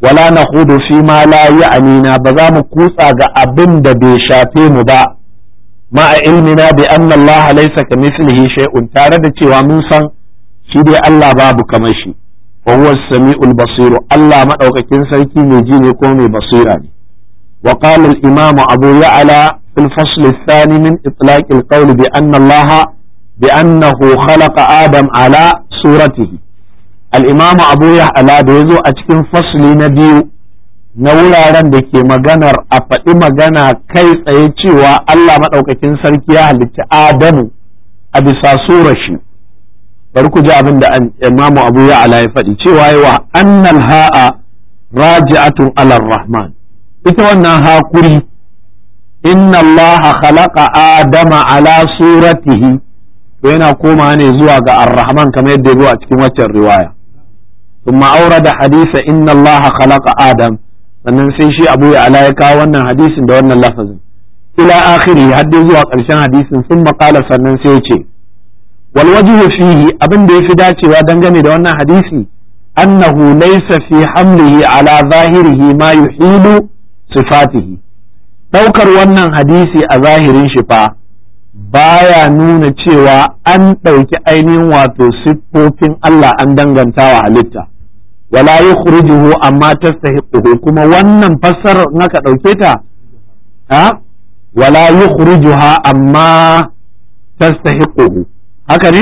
wala nahudu fi ma la ya'nina ba za mu kutsa ga abin da bai shafe mu ba ma'a ilmina bi anna Allah laysa kamithlihi shay'un tare da cewa mun san shi dai Allah babu kamar shi wa huwa samiul basir Allah madaukakin sarki mai ji ne ko mai basira ne wa qala al imam abu ya'la fil fasl al thani min itlaq al qawl bi anna Allah bi annahu khalaqa adam ala suratihi al imam abu ya'la da yazo a cikin fasli na biyu na wuraren da ke maganar a faɗi magana kai tsaye cewa Allah maɗaukakin sarki ya halitta Adamu a bisa surar shi bari ku ji abin da Imam Abu Ya'la ya faɗi cewa yawa annal ha'a raji'atun alar rahman ita wannan hakuri inna Allah khalaqa adama ala suratihi to yana koma ne zuwa ga ar-rahman kamar yadda zuwa cikin waccan riwaya thumma da hadisa inna Allah khalaqa adam sannan sai shi Abu Ya'la ya kawo wannan hadisin da wannan lafazin ila akhiri har zuwa ƙarshen hadisin sun qala sannan sai ya ce والوجه فيه fihi abin da yafi dacewa dangane da wannan hadisi annahu laysa fi hamlihi ala zahirihi ma yuhilu sifatihi daukar wannan hadisi a zahirin shi fa baya nuna cewa an ɗauki ainihin wato siffofin Allah an danganta wa halitta wala yukhrijuhu amma tastahiquhu kuma wannan fassarar naka ɗauke ta ha wala yukhrijuha amma tastahiquhu haka ne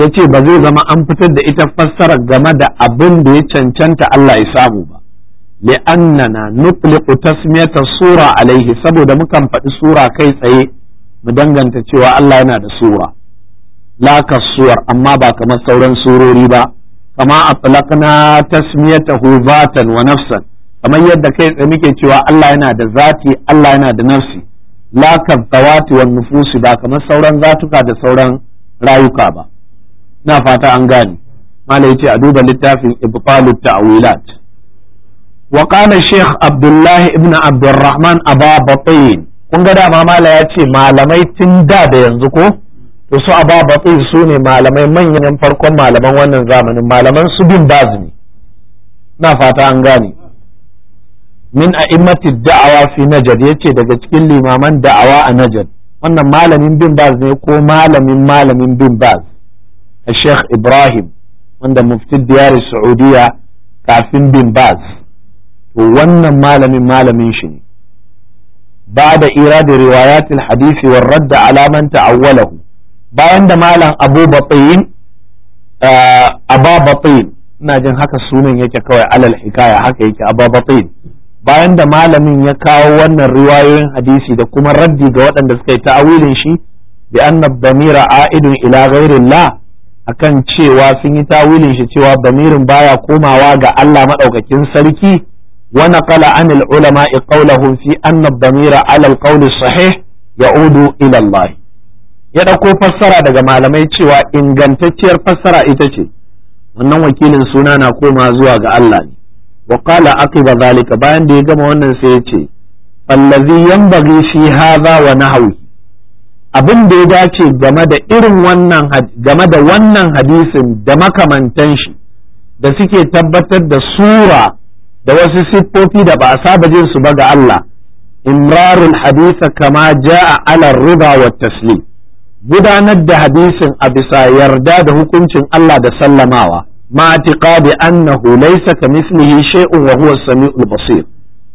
ya ce ba zai zama an fitar da ita fassara game da abin da ya cancanta Allah ya samu ba li'annana nufliqu tasmiyata sura alaihi saboda mukan faɗi sura kai tsaye mu danganta cewa Allah yana da sura la suwar amma ba kamar sauran surori ba kama a atlaqna tasmiyatahu zatan wa nafsan kamar yadda kai tsaye muke cewa Allah yana da zati Allah yana da nafsi lakan kazzawati wani nufusi ba kamar sauran zatuka da sauran rayuka ba na fata an gane mala yace a duba littafin ibtalut ta'wilat wa qala sheikh abdullahi ibn abdurrahman aba batin kun ga dama mala ce malamai tun da da yanzu ko to su aba batin su ne malamai manyan farkon malaman wannan zamanin malaman su bin bazi ne na fata an gane من أئمة الدعوة في نجد يتي دا جتكين لإمامان دعوة نجد وانا مالا من بن باز نيكو مالا من مالا من بن باز الشيخ إبراهيم وانا مفتي الديار السعودية كافين بن باز وانا مالا من مالا من شني بعد إيراد روايات الحديث والرد على من تعوله بعد مالا أبو بطين آه، أبا بطين ناجن هكا سونين يتكوي على الحكاية هكا أبا بطين bayan da malamin ya kawo wannan riwayoyin hadisi da kuma raddi ga waɗanda suka yi ta'awilin shi bi anna damira a'idun ila ghairillah akan cewa sun yi ta'awilin shi cewa damirin baya komawa ga Allah madaukakin sarki wa naqala anil ulama qawlahum fi anna damira ala al sahih ya'udu ila Allah ya dauko fassara daga malamai cewa ingantacciyar fassara ita ce wannan wakilin suna na koma zuwa ga Allah ne wa qala aqiba zalika bayan da ya gama wannan sai ya ce allazi yanbaghi fi hadha wa abin da ya dace game da irin wannan game da wannan hadisin da makamantan shi da suke tabbatar da sura da wasu siffofi da ba a saba jin su ba ga Allah imrarul hadisa kama ja'a ala riba wa taslim gudanar da hadisin a bisa yarda da hukuncin Allah da sallamawa ma tiqadi annahu laysa kamithlihi shay'un wa huwa as-sami'ul basir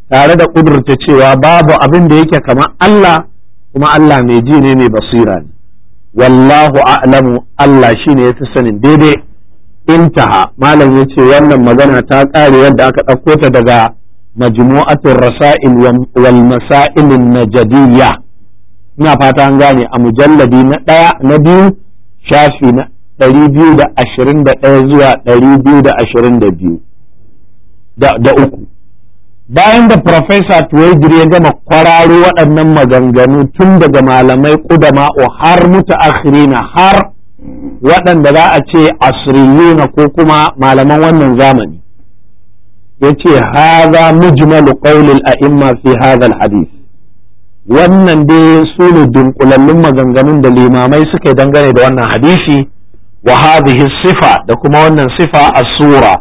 tare da kudurta cewa babu abin da yake kamar Allah kuma Allah mai ji ne mai basira ne wallahu a'lamu Allah shine yafi sanin daidai intaha malam yace wannan magana ta kare yadda aka ɗauko ta daga majmu'atul rasail wal masail ina fata an gane a mujalladi na ɗaya na biyu shafi na 221 zuwa 222 da uku bayan da Profesa Tuwegiri ya gama kwararo waɗannan maganganu tun daga malamai ƙudama'o har na har waɗanda za a ce asiriyuna ko kuma malaman wannan zamani ya ce haza mujmalu qawlil a'imma fi hadha hadith wannan dai su ne dunkulallun maganganun da limamai suka dangane da wannan hadisi wa hadhihi sifa da kuma wannan sifa a sura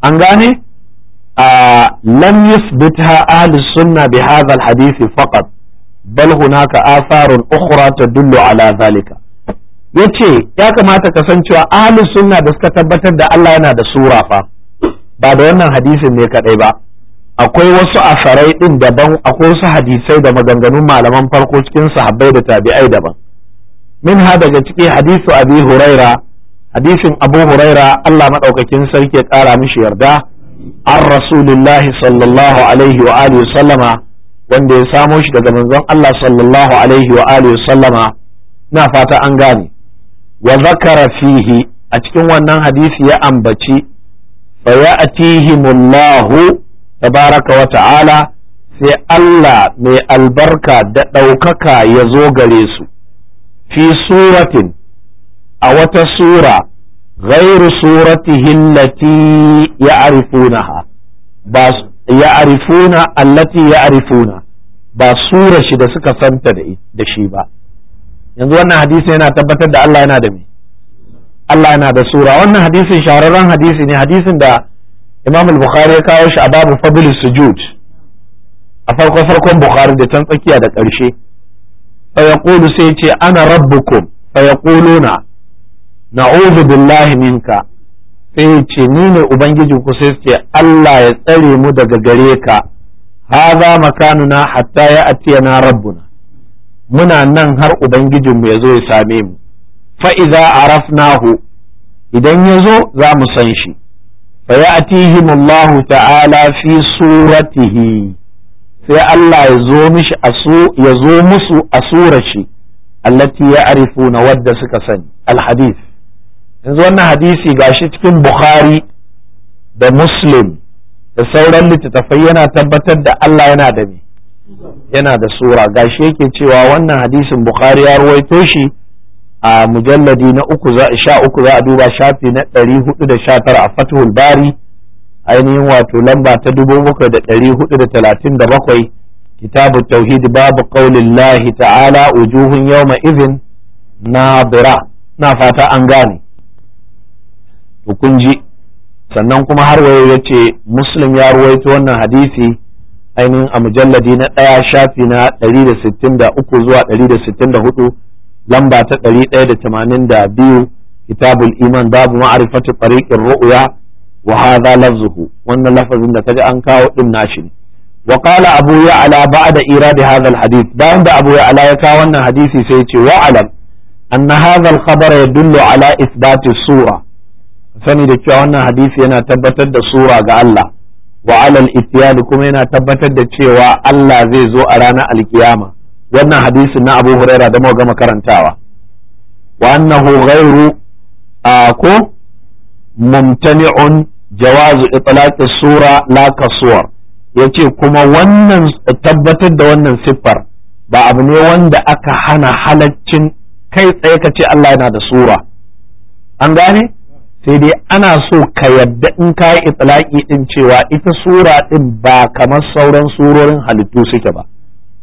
an gane a lam yuthbitha ahli sunna bi hadha al-hadith faqat bal hunaka atharun ukhra tadullu ala zalika yace ya kamata ka san cewa ahli sunna da suka tabbatar da Allah yana da sura fa ba da wannan hadisin ne kadai ba akwai wasu asarai din daban akwai wasu hadisai da maganganun malaman farko cikin sahabbai da tabi'ai daban minha daga ciki hadisu abi huraira hadisin abu huraira Allah madaukakin sarki ya kara mishi yarda an rasulillahi sallallahu alaihi wa sallama wanda ya samo shi daga manzon Allah sallallahu alaihi wa sallama na fata an gane wa zakara a cikin wannan hadisi ya ambaci fa ya'tihimullahu tabaraka wa ta'ala sai Allah mai albarka da ɗaukaka ya zo gare su fi suratin a wata sura غير صورته التي يعرفونها بس يعرفون التي يعرفونها ba sura shi da suka santa da shi ba yanzu wannan hadisi yana tabbatar da Allah yana da me Allah yana da sura wannan hadisin shahararren hadisi ne hadisin da Imam al-Bukhari ya kawo shi a babu fadlus sujud a farko farkon Bukhari da can tsakiya da ƙarshe fa yaqulu sai ce ana rabbukum fa yaquluna na'udhu billahi minka sai ce ni ne ubangijin ku sai ce Allah ya tsare mu daga gare ka hadha makanuna hatta ya atiyana rabbuna muna nan har ubangijinmu ya zo ya same mu fa idza arafnahu idan ya zo za mu san shi fa ya'tihimullahu ta'ala fi suratihi sai Allah ya zo mishi ya zo musu a surace allati ya arifu na wadda suka sani alhadis yanzu wannan hadisi gashi cikin bukhari da muslim da sauran littattafai yana tabbatar da Allah yana da me yana da sura gashi yake cewa wannan hadisin bukhari ya ruwaito shi a mujalladi na uku za sha uku za a duba shafi na ɗari hudu da sha tara a fathul bari ainihin wato lamba ta dubu bakwai da ɗari hudu da talatin da bakwai kitabu tauhid babu kaulin lahi ta'ala ujuhun ma izin na bira na fata an gane hukunji sannan kuma har wayo ya ce muslim ya ruwaito wannan hadisi ainihin a mujalladi na ɗaya shafi na ɗari zuwa ɗari lamba ta ɗari ɗaya da tamanin da biyu kitabul iman babu ma'arifatu tariqin ru'ya wa hadha lafzuhu wannan lafazin da ta kaji an kawo din nashi ne wa qala abu ya'la ba'da irad hadha alhadith bayan da abu ya'la ya kawo wannan hadisi sai ya ce wa alam anna hadha alkhabar yadullu ala ithbati sura sani da cewa wannan hadisi yana tabbatar da sura ga Allah wa'alal alal ittiyad kuma yana tabbatar da cewa Allah zai zo a ranar alkiyama wannan hadisin na Abu Huraira da muka makarantawa karantawa wa annahu mumtani'un jawazu itlaqi sura la kasuwar yace kuma wannan tabbatar da wannan siffar ba abu ne wanda aka hana halaccin kai tsaye ka ce Allah yana da sura an gane sai dai ana so ka yadda in ka yi itlaqi din cewa ita sura din ba kamar sauran surorin halittu suke ba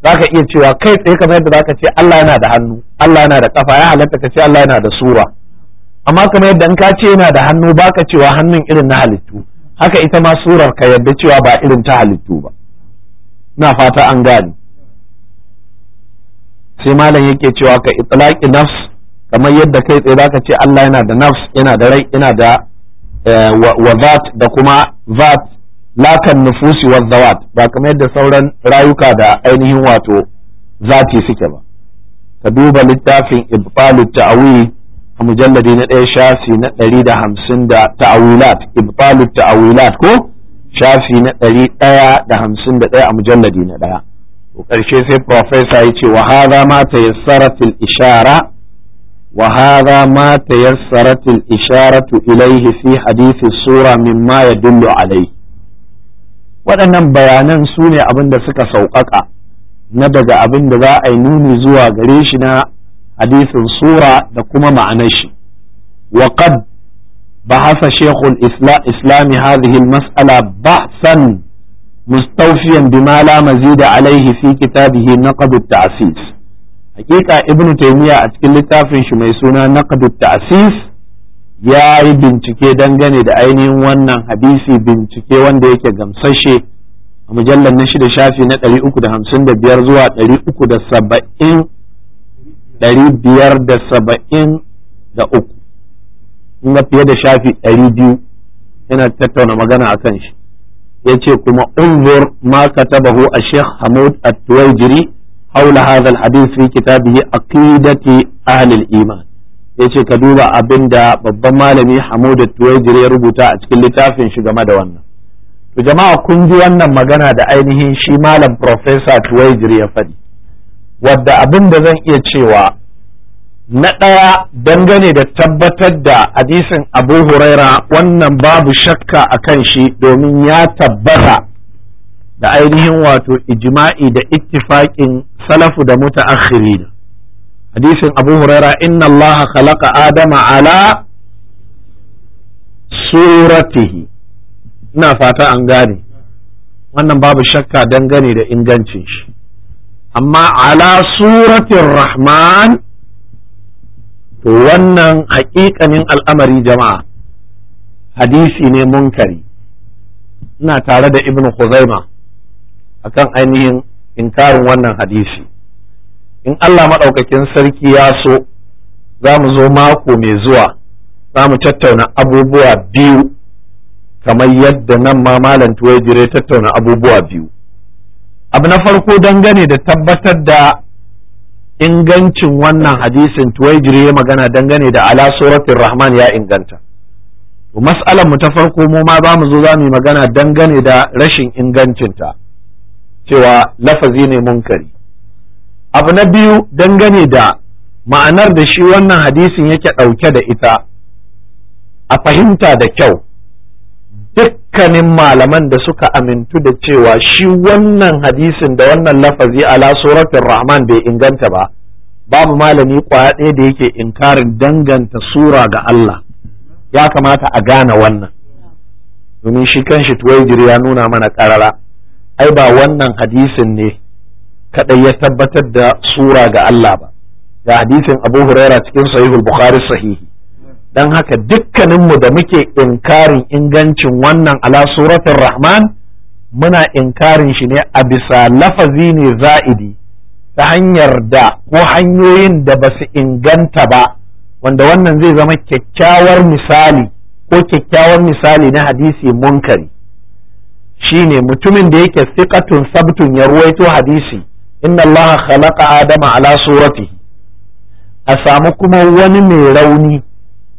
zaka iya cewa kai tsaye ka yadda zaka ce Allah yana da hannu Allah yana da kafa ya halatta ka ce Allah yana da sura amma kamar yadda in ka ce yana da hannu baka cewa hannun irin na halittu haka ita ma surar ka yadda cewa ba irin ta halittu ba na fata an gane sai malam yake cewa ka itlaqi nafs kamar yadda kai tsaye zaka ce Allah yana da nafs yana da rai yana da eh, wa zat da kuma zat lakan nufusi wa zawat ba kamar yadda sauran rayuka da ainihin wato zati suke ba ka duba littafin ibtalut ta'wil a mujalladi na ɗaya shafi na ɗari da hamsin da ta'awilat ibtalut ta'awilat ko shafi na ɗari ɗaya da hamsin da ɗaya a mujalladi na ɗaya to ƙarshe sai profesa ya ce wa hadha ma tayassara fil ishara wa hadha ma tayassara fil isharatu ilaihi fi hadithi sura mimma yadullu alayhi waɗannan bayanan sune abinda suka sauƙaƙa na daga abin da za a yi nuni zuwa gare shi na hadisin sura da kuma ma'anar shi wa bahasa shekul islami hadhihi masala ba'san mustawfiyan bima la mazida alaihi fi kitabihi naqd tasis hakika ibnu taymiya a cikin littafin shi mai suna naqd ta'asis tasis ya yi bincike dangane da ainihin wannan hadisi bincike wanda yake gamsashe a mujallar na shida shafi na 355 zuwa 370 ɗari biyar da saba'in da uku kuma fiye da shafi ɗari biyu yana tattauna magana a kan shi ya ce kuma unzur ma ka hu a sheikh hamud at jiri haula hadha hadis hadith fi kitabihi aqidati ahli al-iman ya ce ka duba abinda babban malami hamud at-tuwaijiri ya rubuta a cikin littafin shi game da wannan to jama'a kun ji wannan magana da ainihin shi malam professor tuwaijiri ya faɗi wadda abin da zan iya cewa na ɗaya dangane da tabbatar da hadisin abu huraira wannan babu shakka a kan shi domin ya tabbata da ainihin wato ijima'i da ittifaƙin salafu da muta hadisin abu huraira inna allaha khalaqa adama ala suratihi ina fata an gane wannan babu shakka dangane da ingancin shi amma ala suratin rahman to wannan haƙiƙanin al'amari jama'a hadisi ne munkari ina tare da ibn Khuzaima akan ainihin inkarin wannan hadisi in Allah maɗaukakin sarki ya so za mu zo mako mai zuwa za mu tattauna abubuwa biyu kamar yadda nan ma malam tuwai jire tattauna abubuwa biyu abu na farko dangane da tabbatar da ingancin wannan hadisin tuwaijiri ya magana dangane da ala suratun rahman ya inganta to matsalar mu ta farko mu ma ba mu zo za mu yi magana dangane da rashin ingancinta cewa lafazi ne munkari abu na biyu dangane da ma'anar da shi wannan hadisin yake ɗauke da ita a fahimta da kyau duk dukkanin malaman da suka amintu da cewa shi wannan hadisin da wannan lafazi ala suratul rahman bai inganta ba babu malami kwaya ɗaya da yake inkarin danganta sura ga Allah ya kamata a gane wannan domin shi kanshi tuwaijir ya nuna mana karara ai ba wannan hadisin ne kadai ya tabbatar da sura ga Allah ba ga hadisin Abu Huraira cikin sahihul Bukhari sahihi don haka dukkaninmu da muke inkarin ingancin wannan ala suratul rahman muna inkarin shi ne a bisa lafazi ne za'idi ta hanyar da ko hanyoyin da ba su inganta ba wanda wannan zai zama kyakkyawar misali ko kyakkyawar misali na hadisi munkari ne mutumin da yake sikatun sabtun ya ruwaito hadisi inna Allah khalaqa adama ala suratihi a samu kuma wani mai rauni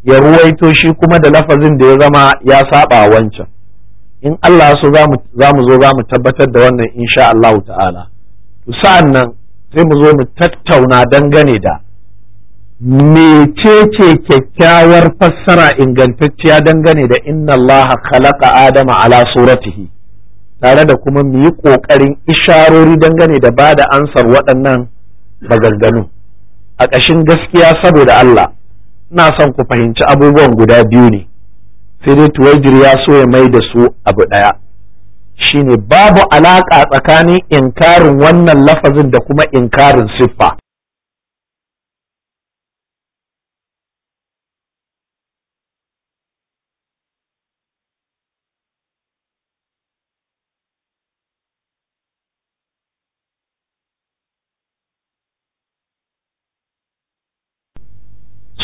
ya ruwaito shi kuma da lafazin da ya zama ya saba wancan in Allah so za mu zo za mu tabbatar da wannan insha Allah ta'ala sa'an nan sai mu zo mu tattauna dangane da mecece kyakkyawar fassara ingantacciya dangane da inna Allah khalaqa adama ala suratihi tare da kuma mu yi ƙoƙarin isharori dangane da ba da ansar waɗannan maganganu a ƙashin gaskiya saboda Allah ina son ku fahimci abubuwan guda biyu ne sai dai tuwajir ya so ya mai da su abu ɗaya shine babu alaƙa tsakanin inkarin wannan lafazin da kuma inkarin siffa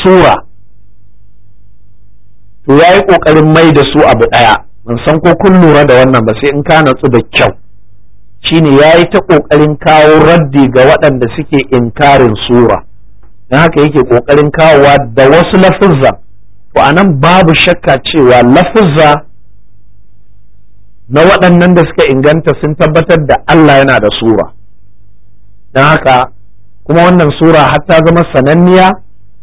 sura to ya yi ƙoƙarin mai da su abu ɗaya ban san ko kun lura da wannan ba sai in ka natsu da kyau shine ya yi ta ƙoƙarin kawo raddi ga waɗanda suke inkarin sura don haka yake ƙoƙarin kawowa da wasu lafuzza to a nan babu shakka cewa lafuzza na waɗannan da suka inganta sun tabbatar da Allah yana da sura don haka kuma wannan sura har ta zama sananniya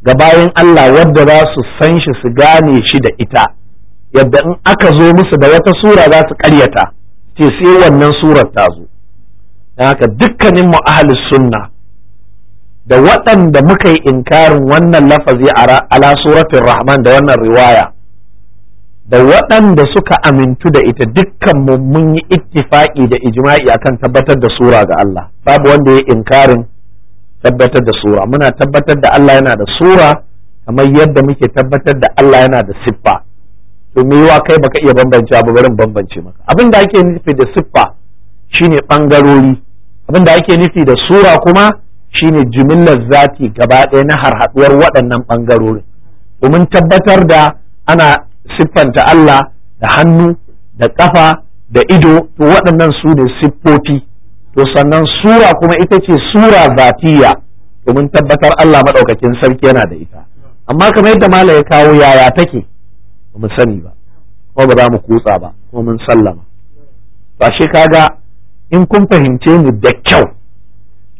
ga bayan Allah wadda za su san shi su gane shi da ita yadda in aka zo musu da wata sura za su karyata ce sai wannan surar ta zo don haka dukkanin mu ahli sunna da waɗanda muka yi inkarin wannan lafazi ala suratul rahman da wannan riwaya da waɗanda suka amintu da ita dukkan mu mun yi ittifaki da ijma'i akan tabbatar da sura ga Allah babu wanda ya yi inkarin tabbatar da sura muna tabbatar da Allah yana da sura kamar yadda muke tabbatar da Allah yana da siffa to me yawa kai baka iya bambance ba barin bambance maka abin da ake nufi da siffa shine bangarori abin da ake nufi da sura kuma shine jimillar zati gaba ɗaya na harhaduwar waɗannan bangarorin domin tabbatar da ana siffanta Allah da hannu da ƙafa da ido to waɗannan su ne siffofi to sannan sura kuma ita ce sura zatiya domin tabbatar Allah madaukakin sarki yana da ita amma kamar yadda mala ya kawo yaya take mu sani ba ko ba za mu kutsa ba ko mun sallama ba shi kaga in kun fahimce ni da kyau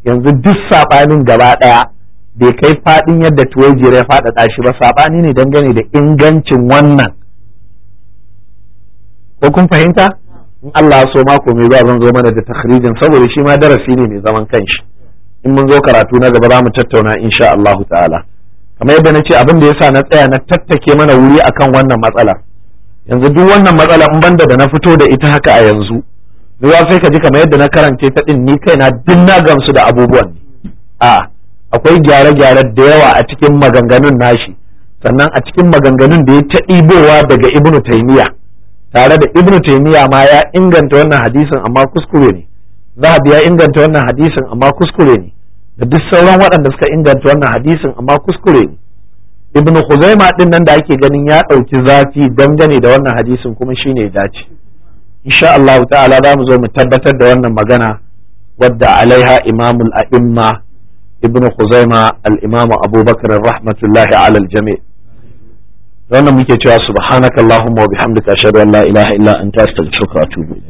yanzu duk saɓanin gaba ɗaya bai kai faɗin yadda tuwajira ya faɗaɗa shi ba saɓani ne dangane da ingancin wannan ko kun fahimta in Allah so mako mai zuwa zan zo mana da takhrijin saboda shi ma darasi ne mai zaman kanshi in mun zo karatu na gaba za mu tattauna insha Allahu ta'ala kamar yadda na ce abin da yasa na tsaya na tattake mana wuri akan wannan matsala yanzu duk wannan matsala in banda da na fito da ita haka a yanzu ni ya sai ka ji kamar yadda na karance ta din ni kaina duk na gamsu da abubuwan a akwai gyare-gyare da yawa a cikin maganganun nashi sannan a cikin maganganun da ya ta ɗibowa daga ibnu taymiya tare da ibn taymiya ma ya inganta wannan hadisin amma kuskure ne zahabi ya inganta wannan hadisin amma kuskure ne da duk sauran waɗanda suka inganta wannan hadisin amma kuskure ne ibn khuzaima din nan da ake ganin ya ɗauki zafi dangane da wannan hadisin kuma shine ya dace insha Allah ta'ala za mu zo mu tabbatar da wannan magana wadda alaiha imamul a'imma ibn khuzaima al-imamu abubakar rahmatullahi alal jami' wannan muke cewa subhanakallahumma wa bihamdika ashhadu an la ilaha illa anta astaghfiruka wa atubu